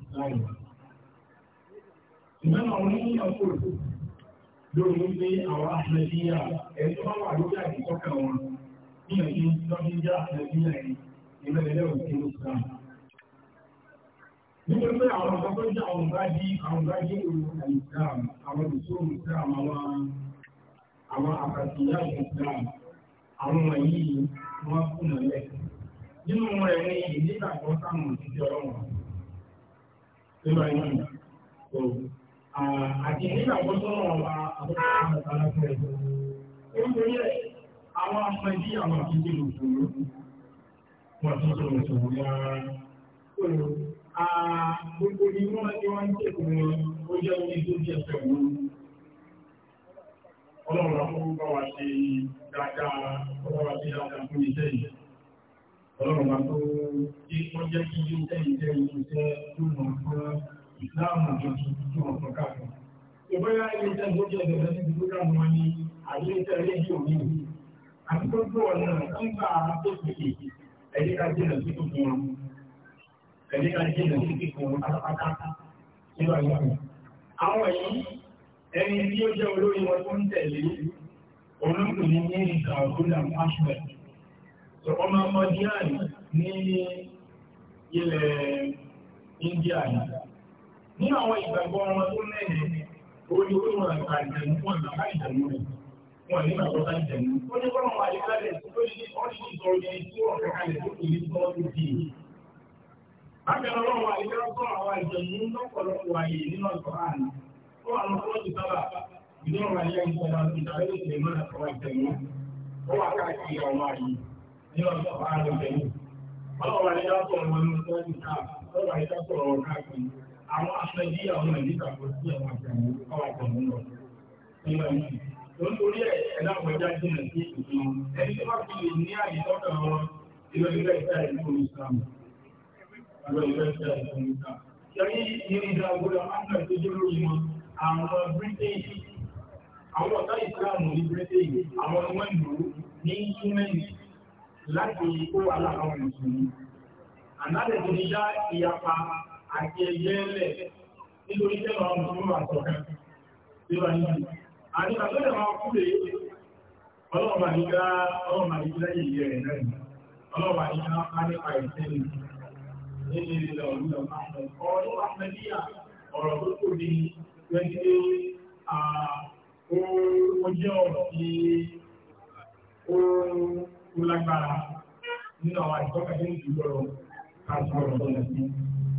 ìsáyẹ̀ lórí wípé àwọn àṣẹ̀díyà ẹni tó bá wà lórí àdìsọ́kà wọn ní ẹ̀kí lọ́dún jẹ́ àṣẹ̀díyà yìí ìmẹ́lẹ́lẹ́ òkè ló sá. Nítorí pé àwọn ọ̀gá tó jẹ́ àwọn gbájí àwọn gbájí òru àìsàn àwọn ìṣòro Islam àwọn àwọn àkàtìyà Islam àwọn wọ̀nyí wọ́n kùnà lẹ̀. Nínú wọn ẹ̀ ní ìdíkà òṣìṣẹ́ ọlọ́wọ̀n. Ah, àti nígbà tó sọ́rọ̀ ọba àbúrò àwọn ọ̀tàlẹ́fẹ́ ẹ̀fẹ́. Ó ń torí ẹ̀ àwọn afẹ́jí àwọn àkíkí lòṣòro wọ́n ti sọ lòṣòro rárá. Gbogbo ni wọ́n ti wọ́n ń tẹ̀kùn wọn, ó jẹ́ orí tó jẹ́ pẹ̀lú. Ọlọ́run àwọn bá wa ṣe dáadáa, ọlọ́run wa ṣe dáadáa fún iṣẹ́ yìí. Ọlọ́run wa tó kí wọ́n jẹ́ kí iṣẹ́ ìjẹ́ iṣẹ́ tó mọ̀ fún ìsìláàmù tuntun tí wọ́n sọ káàkiri. ìbóyá iléeṣẹ́ ìgbójú ẹ̀dọ̀ lọ sí gbogbo àwọn ọmọ ní àìléeṣẹ́ rédíò mi àti gbogbo ọ̀nà nígbà tó pèsè ẹ̀díkà jìnà sí tuntun wọn ẹ̀díkà jìnà sí kíkún pátápátá nígbà yìí. àwọn yìí ẹni tí ó jẹ́ olórí wọn tó ń tẹ̀lé olóògùn ní ní ìkà ọ̀gbọ́n àwọn aṣọ ọmọ ọmọ díẹ̀ ní ilẹ̀ India yìí ní àwọn ìgbàgbọ́ wọn tó mẹ́rin orí olóòrùn àgbà ìjẹ̀mú wọn àgbà ìjẹ̀mú rẹ̀ wọn ní àgbà ọ̀tá ìjẹ̀mú. ó ní kọ́nà wà lẹ́kálẹ̀ tó ní ọ́nìyí sọ̀rọ̀ ní tí wọ́n fẹ́ kalẹ̀ tó kì í sọ ọdún dì í. bákan náà wà lẹ́kálẹ̀ sọ àwọn ìjẹ̀mú lọ́pọ̀lọpọ̀ àyè nínú ọ̀sọ̀ àná tó àwọn fọ́ọ̀tì sábà ìdíwọ̀n wà lẹ́yìn ìjọba ìdàrẹ́lẹ̀ ìjẹ̀mú àtàwọn ìjẹ̀mú àwọn àyè nínú ọ̀sọ̀ àná ìjẹ̀mú. ọlọ́wà lẹ́kálẹ̀ sọ̀rọ̀ wọn ní àwọn aṣẹ́bí àwọn ìdíkàkọ́ sí àwọn àjàmù ọkọ̀ múlọ nígbà yìí tó ń torí ẹ̀dá ọjà jìnà sí ìpín ẹni tó bá fi lè ní àyè lọ́dọ̀ ìrọ̀lẹ́gbẹ̀ ìta ìlú ìsàmù ìrọ̀lẹ́gbẹ̀ ìta ìlú ìsàmù ṣẹ́rí ní ìdàgbọ́dọ̀ áńkà tó jẹ́ lórí wọn àwọn Britain àwọn ọ̀tá ìsìláàmù ní Britain àwọn ọmọ ìlú ní túnmẹ́ni láti kó wà láàárín ìsìn àti ẹyẹ ẹlẹ̀ nítorí tẹ́lọ àwọn ọmọ àtọ̀kẹ́ tí wà ní àti àtọ́lẹ̀ máa kú lè ọlọ́ọ̀bà nígbà ọlọ́ọ̀bà nígbà yìí rẹ̀ náà ọlọ́ọ̀bà nígbà á nípa ìsẹ́ni nínú ilẹ̀ ọ̀lú ọ̀rọ̀ àmẹ́líà ọ̀rọ̀ tó kò ní wẹ́gbẹ́ ó jẹ́ ọ̀rọ̀ tí ó lágbára nínú àwọn àìsọ́kẹ́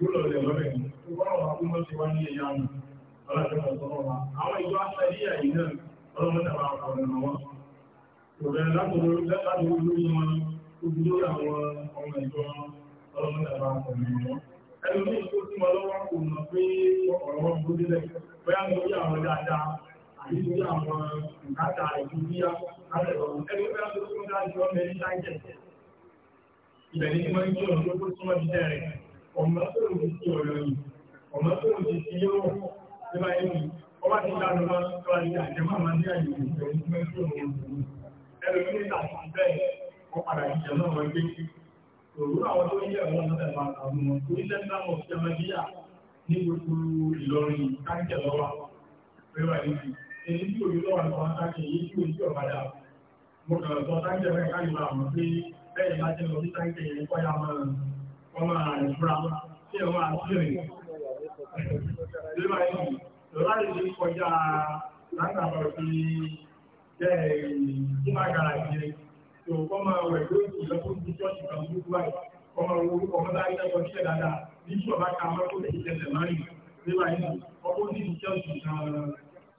yóò ọlọ́run wa kún mọ́ sí wá ní ẹ̀yà nù ọlọ́run wa sọ́rọ̀ wa àwọn ìjọ aṣáríyà yìí náà ọlọ́run tàbí àwọn ọ̀nà wọn kò bẹ̀rẹ̀ látòrò látòrò lórí wọn ojú lórí àwọn ọmọ ìjọ ọlọ́run tàbí àwọn ọ̀nà wọn ẹni ní ìṣó tí mo lọ́wọ́ kò mọ̀ pé ọ̀rọ̀ wọn ọmọ tó ń ti ti ọ̀rọ̀ yìí ọmọ tó ń ti ti yóò ṣe bá yẹn ọba ti dá lọ́wọ́ tó wà ní àjẹmọ́ àmà ní àyè ìgbẹ́ ìgbẹ́ tó ń wọ̀ ẹ̀rọ ní ìta àti bẹ́ẹ̀ wọ́n padà ìjẹ náà wọ́n gbé òru àwọn tó yẹ ẹ̀wọ̀n náà tẹ̀ máa kàwọn wọn tó ilẹ̀ náà mọ̀ sí ọmọ bíyà ní gbogbo Ìlọrin káńkẹ̀ lọ́wọ́ pẹ̀lú èyí tí òye lọ́wọ́ àwọn táǹkì èyí tí òye ọ̀padà mo kàn sọ táǹkì ẹ̀rẹ́ káyọ̀ àwọn pé bẹ́ẹ̀ láti lọ sí táǹkì ẹ̀yẹ kọ́yà máa ọmọ àìfúra tí ẹ̀wọ́ àtìrì lébà yìí lọ́láì ní kọjá látàbọ̀ sí jẹ́ ìgbàgàrà ìjẹ́ tó kọ́mọ rẹ̀ lóòtù lọ́kùn ṣọ́ọ̀ṣì kan gbogbo báyìí kọ́mọ orúkọ mọ́tà ìjẹ́kọ̀ọ́ sílẹ̀ dáadáa ní ṣọ̀bá ká mọ́kò tí ìṣẹ̀lẹ̀ márùn lébà yìí ọkọ̀ tí ìṣọ́ọ̀ṣì kan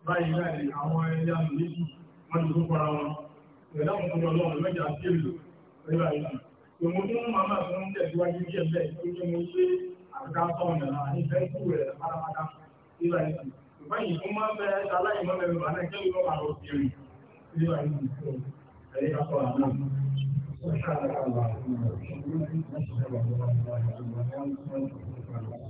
báyìí láì àwọn ẹ̀yà méjì wọ́n ti gbogbo ara wọn pẹ̀lú àwọn ọmọ ọlọ́run mẹ́jà sí èlò lébà yìí ìwọ̀n tí wọ́n máa fi ń tẹ̀síwájú díẹ̀ bẹ́ẹ̀ tó ní mo ṣe àgbàtọ̀ ọ̀nà àti fẹ́ńkù rẹ̀ pátápátá nígbà yìí. Ìgbà yìí tó máa ń fẹ́ aláì mọ́ mẹ́rin bàbá náà kẹ́lú lọ́wọ́ àwọn obìnrin nígbà yìí tó ẹ̀rí ká sọ̀rọ̀ náà. Ó ṣàlàyé àwọn àwọn ọmọ